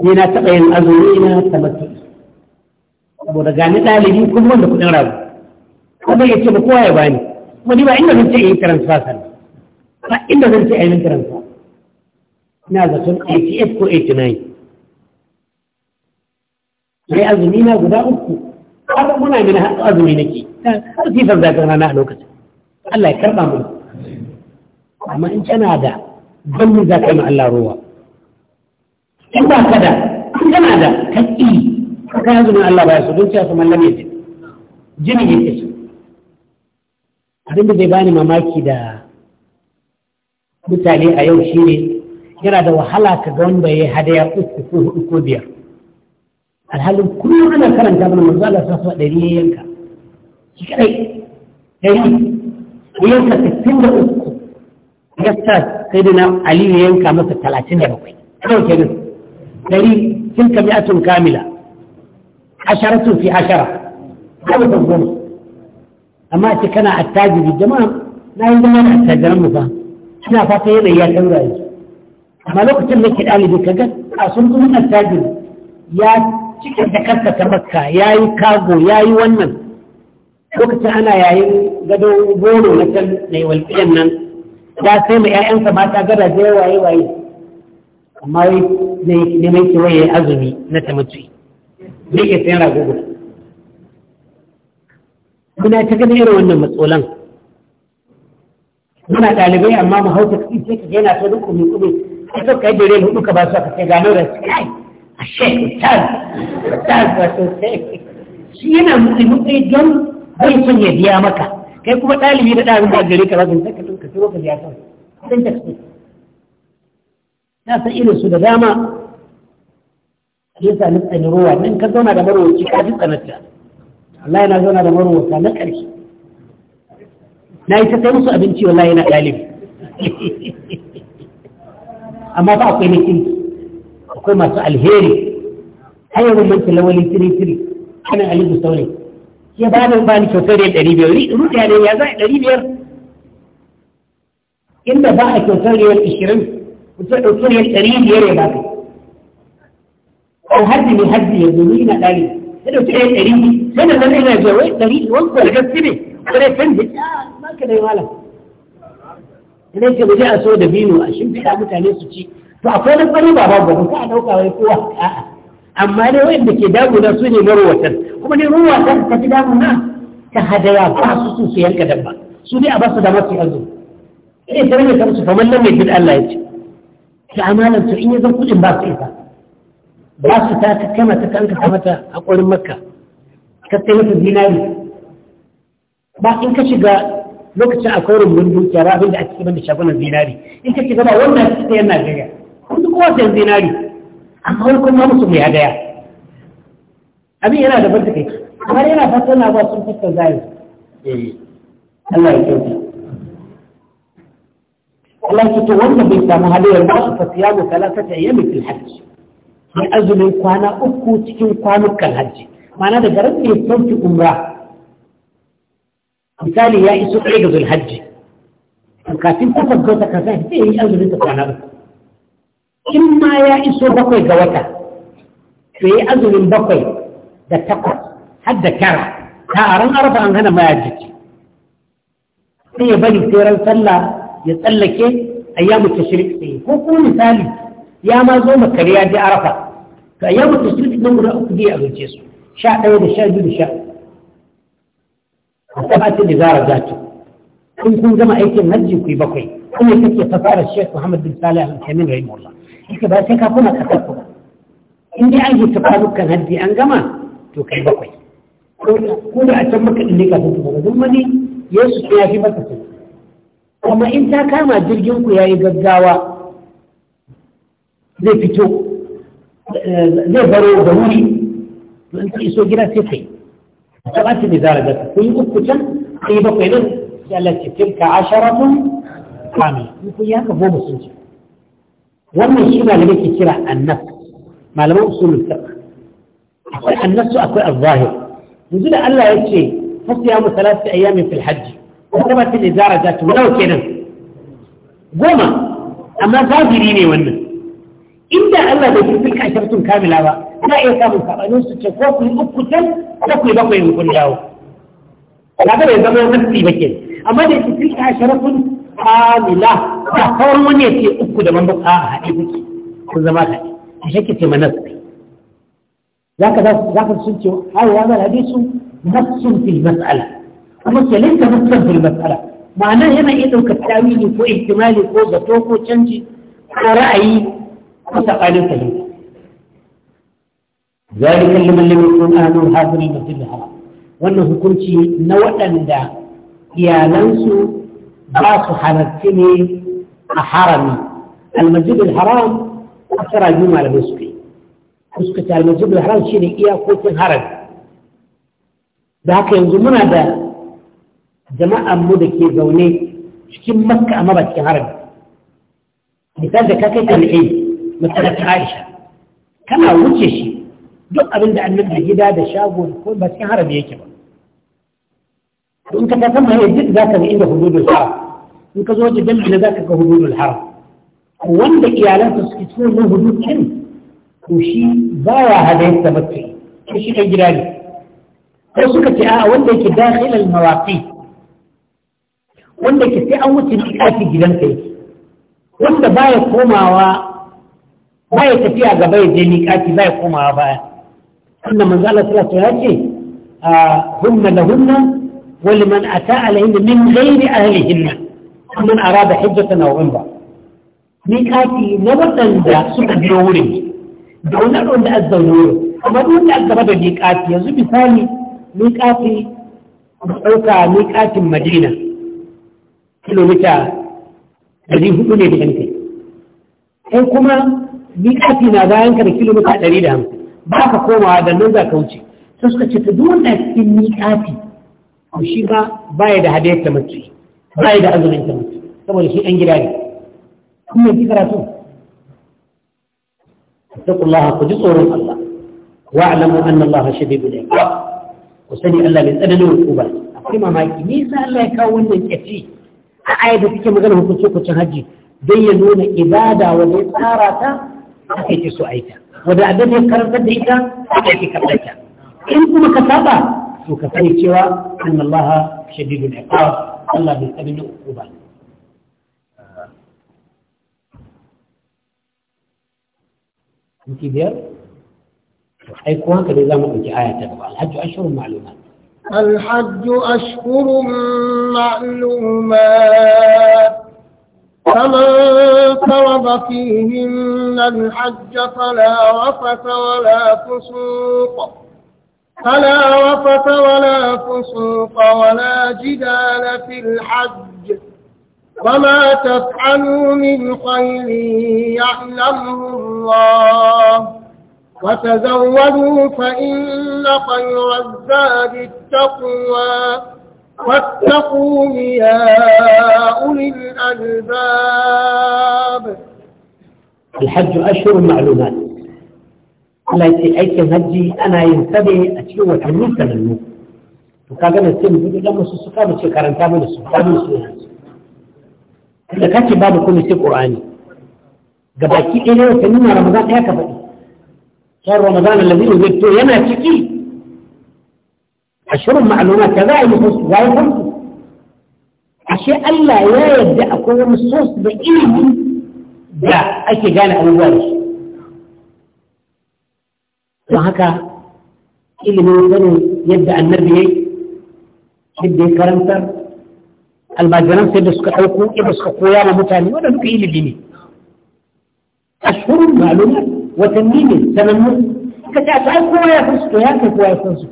ne na taɓa yin azumi na tabbatu saboda gani ɗalibi kuma wanda kuɗin rabu kuma ya ce ba kowa ya bani kuma ni ba inda zan ce yi transfer sannan ba inda zan ce a yi transfer ina zaton 88 ko 89 sai azumi na guda uku har muna mina azumi nake har sifar zakar rana a lokacin Allah ya karɓa mu amma in kana da gwamnati za ka yi Allah ruwa in ba ka da in kana da kaƙi ka kayan zumin Allah ba ya so don cewa su mallam ya jini ya ke so abinda zai bani mamaki da mutane a yau shine yana da wahala ka ga wanda ya hadaya uku ko hudu ko biyar alhalin kullum ana karanta mana manzo Allah sa ɗari yanka shi kadai ɗari yanka sittin da uku ya sa sai da aliyu ya yanka masa talatin da bakwai kawai kenan dari tilka mi'atun kamila ashara tun fi ashara kawai da goma amma ce kana attajiri jama'a na yi zama da attajiran mu fa ina fata yanayi ya canza yanzu amma lokacin da ke ɗalibi kaga a sun kuma attajiri ya cika da kasa ta makka ya yi kago ya yi wannan lokacin ana yayin gado goro na can mai walƙiyan nan da sai mai ƴaƴansa mata gada je waye waye amma wai neman mai azumi na tamattu ne ke sayan rago guda muna ta gani irin wannan matsolan muna ɗalibai amma mu hausa kaɗi sai ka yana so duk kumi kumi sai to ka yi dare hudu ka ba su ka sai nan da su kai a shek tas ba wato sai shi yana mutsi mutsi don bai son ya biya maka kai kuma ɗalibi da ɗalibin da gare ka ba zai saka ka turo ka biya kawai sai ta kasu na san irin su da dama yasa ni tsani ruwa nan ka zauna da marowaci ka ji tsanarta Allah yana zauna da marowaci na ƙarshe na yi ta kai musu abinci wallahi yana ɗalibi (laughs) amma ba akwai na kirki akwai masu alheri ayyukan mun tilawali tiri tiri ana alibu saurayi ya ba da bani kyautar da ɗari biyar ruɗa ne ya za a ɗari biyar inda ba a kyautar da ishirin mutum ɗauki ne ɗari biyar ya baka ko haddi ne haddi ya zo ina ɗari sai ɗauki ɗaya ɗari sai da zan ina jiya wai ɗari wani ko da gaske ne ko dai canji ba ka dai malam idan ce guje a so da bino a shimfiɗa mutane su ci to akwai na kwari ba babu ba ka a ɗauka wai kowa a'a amma dai wanda ke damuna su ne marwatan kuma ne ruwa ta ta fi damu na ta hadaya ba su su su yanka dabba su ne a ba su masu yanzu sai ta rage kamsu musu mallan mai bin Allah ya ce ta amalan su in ya zan kudin ba su isa ba su ta ta kama ta kanka ta mata a ƙorin makka ka sai mata zinari ba in ka shiga lokacin akwai rumbun dukiya ba abinda ake kiban da shagunan zinari in ka shiga ba wannan ta yana Najeriya kun duk sai zinari amma wani kuma musu mai hadaya abin yana da barka kai kamar yana fassara ba sun fuskar zai Allah ya kyauta Allah ya ce wanda bai samu halayyar ba fa siyamu talatata ayyami fil hajj sai azumin kwana uku cikin kwanukan hajji ma'ana daga ran da ya sauki umra misali ya iso ɗaya ga zulhajji kafin takwas ga wata kasa sai ya yi azumin ta kwana uku in ma ya iso bakwai ga wata to ya yi azumin bakwai da takwas har da kyara ta a ran arafa an hana mayajici sai ya bari sai ran sallah ya tsallake ayyamu tashrik sai ko kuma misali ya ma zo makare ya je arafa to ayyamu tashrik nan guda uku ne a zuce su sha ɗaya da sha biyu da sha uku a da zara zaki kun kun gama aikin hajji ku yi bakwai kuma kake fasara Sheikh Muhammad bin Salih Al-Kamin rahimahullah yake ba sai ka kuma kasar ku in dai an yi tafalukan hajji an gama to kai bakwai ko da a can maka ɗin ka fito ba don wani yesu ya fi maka sai amma in ta kama jirgin ku yayi gaggawa zai fito zai baro da wuri to in ka iso gida sai kai ta ba ta zara da ku yi uku can ku yi bakwai nan sai Allah ce tilka asharatun kamil in kun yi haka goma sun ce wannan shi malamai ke kira annab malaman usulul fiqh أقول أن النفس أقول الظاهر نزول ألا يتشي فصيام ثلاثة أيام في الحج وقربت الإزارة ذاته ولو كنا قوما أما فاضريني ون إلا ألا يتشي تلك عشرة كاملة با. لا إيقام فرأة نوسة شكوك الأبكتا وكل بقوي يكون له هذا يجب أن يكون نفسي بكين أما يتشي تلك عشرة كاملة فهو من يتشي أبكتا من بقاء حقيقتي آه، كل زمان حقيقتي عشان كتما نفسي ذاك ذاك سنت أو هذا الحديث نص في المسألة ومس ليس نصا في المسألة معناه هنا إذا إيه كتاويل كو احتمالي كو زتو كو تشنجي كو رأيي كو ذلك لمن لم يكن آمن حاضر المسجد الحرام وأنه كنت نوعا دا يا لنسو باص حالتني أحرمي المسجد الحرام أكثر جمال بسكي suka ce almajibul haram shi ne iyakokin haram da haka yanzu muna da jama'an mu da ke zaune cikin makka amma ba cikin haram misal da ka kai kal'i ta aisha kana wuce shi duk abin da annabi a gida da shago ko ba cikin haram yake ba in ka ta sama yadda za ka ga inda hududul haram in ka zo wajen dambi za ka ga hududul haram wanda iyalansa suke cikin wannan hudud to shi baya halayyar mace ko shi ɗan gida ne ko suka ce a wanda yake dakhilal mawaqi wanda ke sai an wuce miƙati gidansa yake wanda ba ya komawa ya tafiya gaba ya je ba ya komawa baya wannan manzo Allah sallallahu alaihi ce a hunna lahunna wa liman ata alaihinna min ghairi ahlihinna man arada hajjatan aw umrah miƙati na waɗanda suka biyo wurin da wannan wanda a zaune wurin amma duk wanda a gaba da miƙafi yanzu misali miƙafi miƙati ɗauka miƙafin madina kilomita ɗari hudu ne da yankai kai kuma miƙafi na bayan ka da kilomita ɗari da hamsin ba ka komawa da nan za ka wuce sai suka ce ta duk wanda a cikin miƙati to shi ba baya da hadayar ta mace baya da azumin ta mace saboda shi ɗan gida ne kuma yanzu karatu اتقوا الله كجسور الله واعلموا أن الله شديد العقاب وسني الله من أدنى العقوبات أقيم ما يكنيسا الله يكون من كفي آية تكي مغنه كنسوك تهجي بينون إبادة وإطارة أكيد سعيتا ودا أدنى يكرر تدعيتا أكيد كبلتا إن كما كتابا وكفني سوى أن الله شديد العقاب الله من أدنى العقوبات انتي بير حيكون ko haka dai zamu ɗauki aya ta gaba alhajju الحج أشهر معلومات فمن فرض فيهن الحج فلا رفث ولا فسوق فلا رفث ولا فسوق ولا جدال في الحج وما تفعلوا من خير يعلمه الله وتزودوا فإن خير الزاد التقوى واتقوا يا أولي الألباب الحج أشهر معلومات التي أي تهجي أنا ينتبه أتيوة عنيسة للنوم وكاغانا سين بيقول لما سوسوكا بتشي كارنتا من السوسوكا من السوسوكا da kake babu kuma sai qur'ani ga baki ɗaya wata nuna ramadan ta ka faɗi shan ramadan allazi uzikto yana ciki ashirin ma'aluma ta za a yi musu za a yi ashe Allah ya yarda akwai wani sos da ilimi da ake gane abubuwa da shi don haka ilimin sanin yadda annabi ya yadda ya karantar almajiran sai da suka ɗauko yadda suka koya ma mutane wanda duka ilimi ne ashhurun ma'luma watanni ne sanannu ka ce a ta kowa ya san su to ya kai kowa ya san su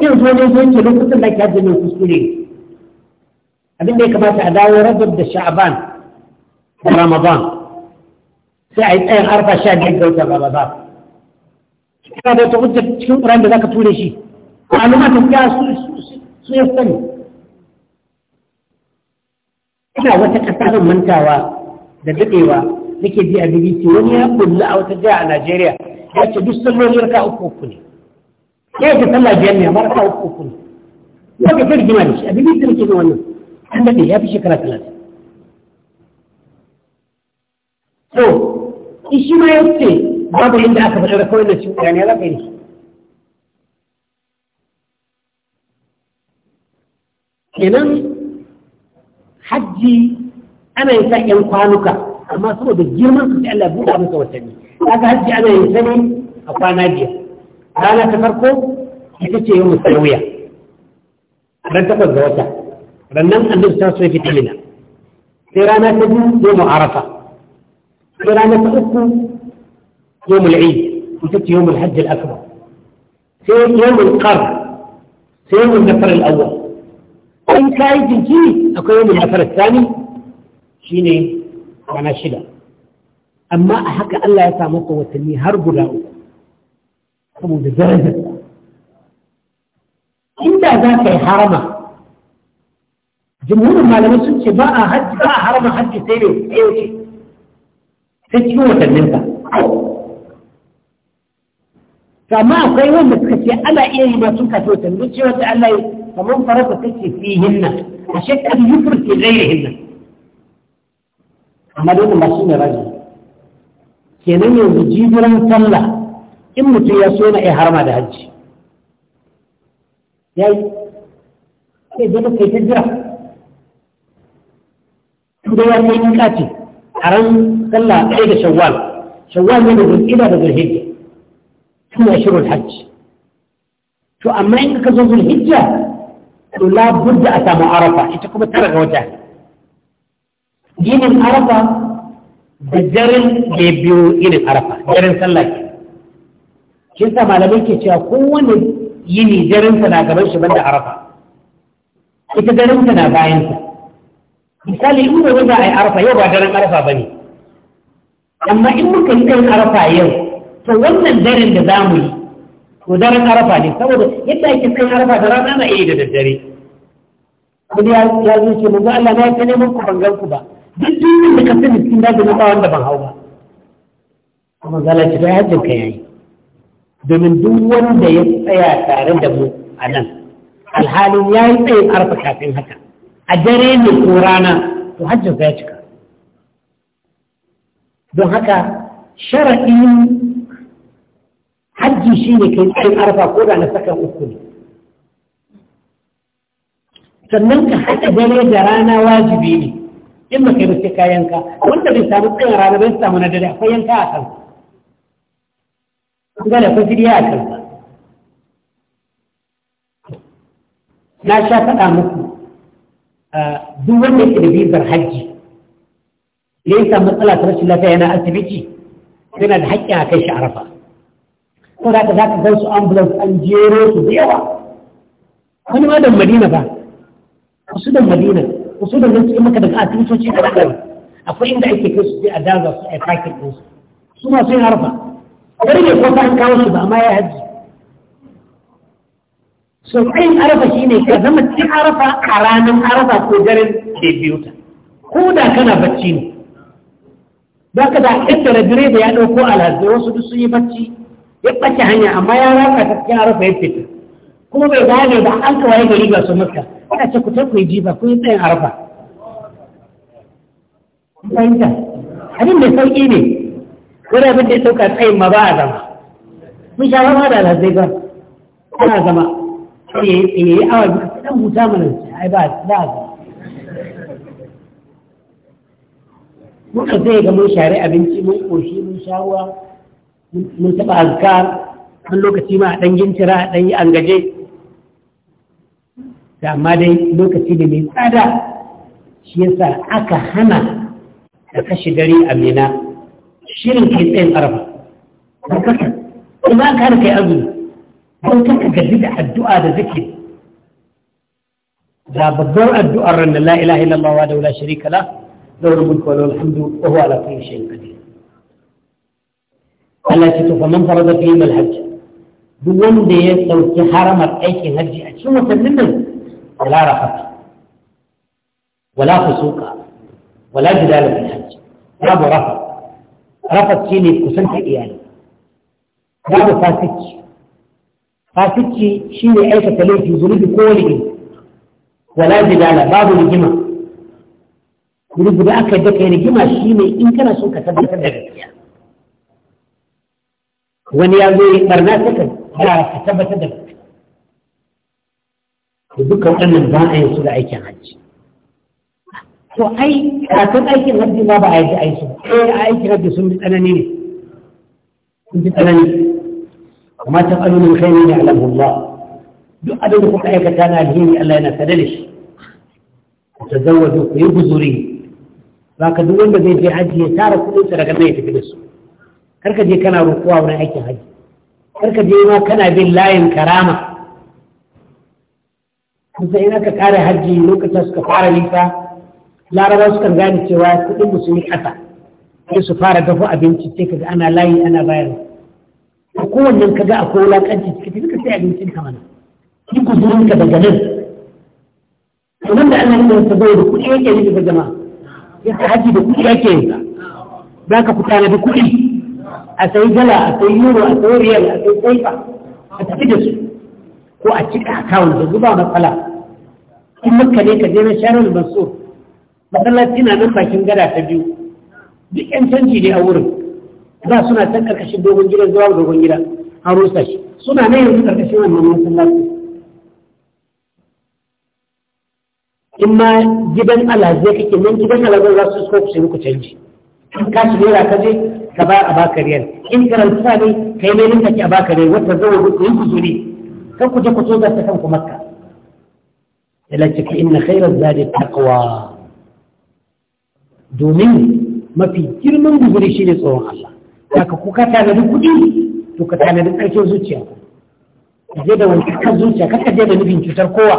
yau zo ne zo yake lokutan da ke hajji mai kuskure abin da ya kamata a dawo rajab da sha'aban da ramadan sai a yi tsayin arfa sha biyar ga watan ramadan kana da wata hujja cikin ƙuran da zaka ture shi ma'luma ta su su ya sani sa wata ƙasa zan mantawa da daɗewa nake ji a BBC wani ya kulla a wata jiya a Najeriya ya ce duk salloli raka uku uku ne ya ce sallah biyar ne amma raka uku uku ne ya ce sai rigima da shi a BBC nake ji wannan an daɗe ya fi shekara talatin. So, in shi ma ya ce babu yadda aka faɗi raka kawai da shi ya ne ya ka yi shi. Kenan hajji ana yin sa yan kwanuka amma saboda girman su sai Allah buɗa masa watanni kaga hajji ana yin sa ne a kwana biyar rana ta farko ita ce yau musawiya ran takwas ga wata rannan annabi ta so yake tilina sai rana ta biyu yau arafa sai rana ta uku yau mul'id ita ce yau mulhajji al'akbar sai yau mulqar sai yau mulnafar al'awwal in ka yi jinkiri akwai wani mafarar sani shi ne kwana shida amma a haka Allah ya samu ka watanni har guda uku saboda darajar inda za ka yi harama jimhurin malamai sun ce ba a hajji ba a harama hajji sai ne sai wuce sai cikin ka amma akwai wanda suka ce ana iya yi ba sun kafi watannin don cewa Allah ya فمن فرض تكفي فيهن الشك قد يفرط في غيرهن amma dole ba shi ne raji kenan yanzu jibiran sallah in mutum ya so na iya harma da hajji ya yi sai zai kai ta jira da ya kai in kace a ran sallah ɗaya da shawwal shawwal ne da zulhida da zulhijja suna shirin hajji to amma in ka zo zulhijja to labudda a samu arafa ita kuma tara ga wata yinin arafa da jarin da biyo irin arafa jarin sallah ke sa malamai ke cewa kowane yini jarinsa na gaban shi banda arafa ita jarinsa na bayan bayansa misali in da za a yi arafa yau ba daren arafa ba ne amma in muka yi daren arafa yau to wannan daren da za mu yi to daren arafa ne saboda yadda ake kan arafa da rana na iya da daddare wani ya zo ce manzo Allah na neman ku ban ganku ba duk duniya da ka sani da dajin ba wanda ban hau ba kuma zala ce hajjin ka yayi domin duk wanda ya tsaya tare da mu a nan alhalin ya yi tsaye arfa kafin haka a dare ne ko rana to hajjin ka ya cika don haka shara'in hajji shi ne kai tsayin arfa ko da na saka uku ne sannan ka haɗa dare da rana wajibi ne in ba kai ba kayan ka wanda bai samu tsayin rana bai samu na dare akwai yanka a kan ga da fajiriya a kan na sha faɗa muku duk wanda ke da bizar hajji ne yasa matsala ta rashin lafiya yana asibiti yana da haƙƙin a kai shi arafa ko da ka za ka gan su ambulance an jero su da yawa wani ma madina ba kusa da madina kusa da nan cikin maka daga asibitoci da ɗan akwai inda ake kai su sai a daga su a fakin ɗinsu su Su masu yin harfa wani ne ko an kawo shi ba amma ya hajji so tsayin arafa shi ne ka zama cikin arafa a ranar arafa ko daren da biyu ta ko da kana bacci ne za ka da inda da direba ya ɗauko alhazi wasu duk sun yi bacci ya ɓace hanya amma ya raka ta cikin arafa ya fita kuma bai gane ba an kawai gari ga su maka ina ce ku tafi jifa ku yi tsayin arfa fahimta abin da sauƙi ne wani abin da ya sauka tsayin ma ba a zama mun sha fama da alhazai ba ana zama ya yi awa biyu ka ɗan huta mana ai ba a zama muka zai ga mun share abinci mun ƙoshi, mun sha ruwa mun taɓa azkar wani lokaci ma a ɗan gintira a ɗan yi an gaje da amma dai lokaci ne mai tsada shi yasa aka hana da kashe gari a mina shirin kai tsayin arfa kuma ka hana kai azumi don kasa gaji da addu'a da zikiri da babbar addu'ar ran da la ilaha illallah wa daula sharika la dawar mulku wal hamdu wa huwa ala kulli shay'in qadir Allah ya tufa man farada fi al hajj duk wanda ya dauki haramar aikin hajji a cikin watannin nan wala rafata wala fusuka wala jidala fil babu rafat rafat shine kusanta iyali babu fasici fasici shine aikata laifi zunubi ko wani iri wala jidala babu rigima zunubi da aka yadda kai rigima shine in kana son ka tabbatar da wani ya zo yi barna ta ka da dukkan wannan ba a yi su da aikin hajji to ai kafin aikin hajji ma ba a yi ai su eh aikin hajji sun bi tsanani ne sun bi tsanani amma ta qalu kai ne ya'lamu Allah duk abin da kuka aikata na alheri Allah yana sadar da shi tazawwaju ku yi guzuri ba ka duk wanda zai je hajji ya tara kuɗin sa daga nan ya tafi da su karka je kana roƙuwa wurin aikin hajji karka je ma kana bin layin karama kusa in aka kare hajji lokacin suka fara nisa larabawa sukan gane cewa kuɗin musulmi ƙasa sai su fara dafa abinci sai kaga ana layi ana bayar a kowannen kaga akwai wulakanci cikin duka sai abincin ka mana yi kuzurin ka daga nan kamar da Allah ya sabo da kuɗi yake yi daga jama'a ya ta haji da kuɗi yake yi za ka fita na da kuɗi a sayi dala a sayi euro a sayi riyal a sayi saifa a tafi da su ko a cika akawun da zuba matsala in maka ne ka je na sharon mansur masallaci na nan bakin gada ta biyu duk yan canji ne a wurin Za suna can karkashin dogon gidan zuwa dogon gida an rusa shi suna nan yanzu karkashin wannan masallaci in ma gidan alazai kake nan gidan alazai za su suka ku muku canji in ka shi naira ka je ka ba a bakariyar in karanta ne yi mai ninka ki a bakariyar wata zama ku yin kusuri kan ku je ku tozar ta kanku makka ila cika inna khairar zadi taqwa domin mafi girman guzuri shi ne tsohon Allah haka ku ka tanadi kuɗi to ka tanadi ƙarfin zuciya ka je da wani kan zuciya kaka je da nufin cutar kowa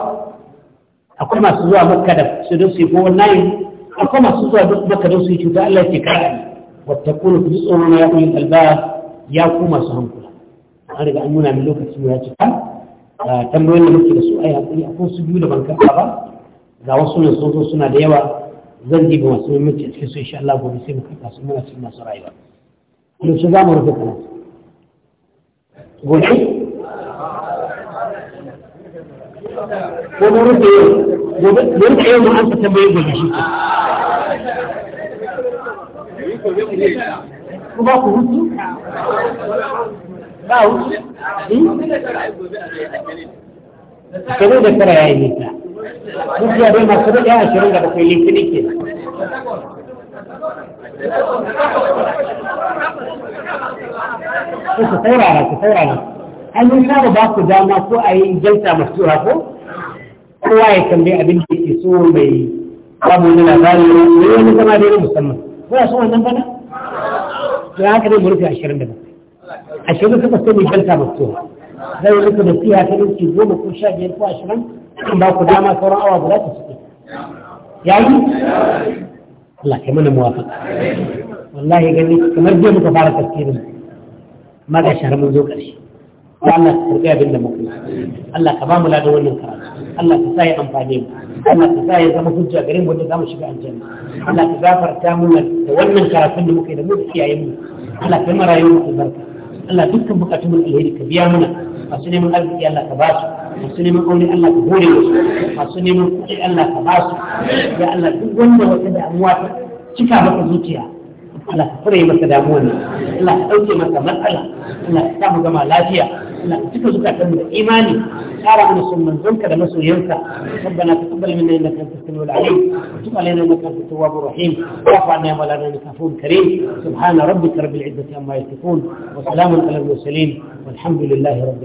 akwai masu zuwa makka da su don su yi ko nayin akwai masu zuwa makka don su yi cuta Allah ke kare wata kuna ku ji tsoron ya kuyi kalba ya kuma su hankula an riga an nuna min lokacin ya cika tambayoyin da muke da su ai hakuri akwai su biyu da ban ba ga wasu ne sun suna da yawa zan diba wasu mimmanci a cikin su insha Allah gobe sai mu kafa su muna cikin masu rayuwa yaushe za mu rufe kana gobe ko mu rufe yau gobe mu rufe yau mu amsa tambayoyin gobe shi ke ku ba ku hutu لا هو شنو ذكر يا ايميتا؟ شوف يا بيما شنو يا شنو ذكر في الانترنت؟ تصور على تصور على هل من شاء الله باكو جامعة كو اي جلسة مفتوحة كو؟ كواي كان بيع بنتي كيسون بي ابو لنا قال لي انت ما دير مسمى هو اسمه نبنا يا اخي مرتي 20 دقيقه a ashe da suka sani ban ta mutu zai yi muku da siya ta minti goma ko sha biyar ko ashirin kan ba ku dama sauran awa guda ta suke ya yi Allah kai mana muwafaka wallahi gani kamar jiya muka fara tafsirin maga shahar mun zo ƙarshe ya Allah ka karɓi abin da muka Allah ka ba mu ladan wannan karatu Allah ka sa ya amfane mu Allah ka sa ya zama hujja garin wanda za mu shiga aljanna Allah ka gafarta mu da wannan karatun da muka yi da mu da iyayen Allah ka yi mu rayuwar mu albarka Allah dukkan bukatun mu alheri ka biya mana masu neman arziki Allah ka ba su masu neman aure Allah ka hore musu masu neman kuɗi Allah ka ba su ya Allah duk wanda wata damuwa ta cika maka zuciya Allah ka fure masa damuwa ne Allah ka ɗauke masa matsala Allah ka samu gama lafiya Allah cika zukatan da imani tsara mana sun manzonka نسو ينسى ربنا تقبل منا انك انت السميع العليم وتب علينا انك انت التواب الرحيم واعف عنا ولا لنا انك كريم سبحان ربك رب العزه أما يتكون وسلام على المرسلين والحمد لله رب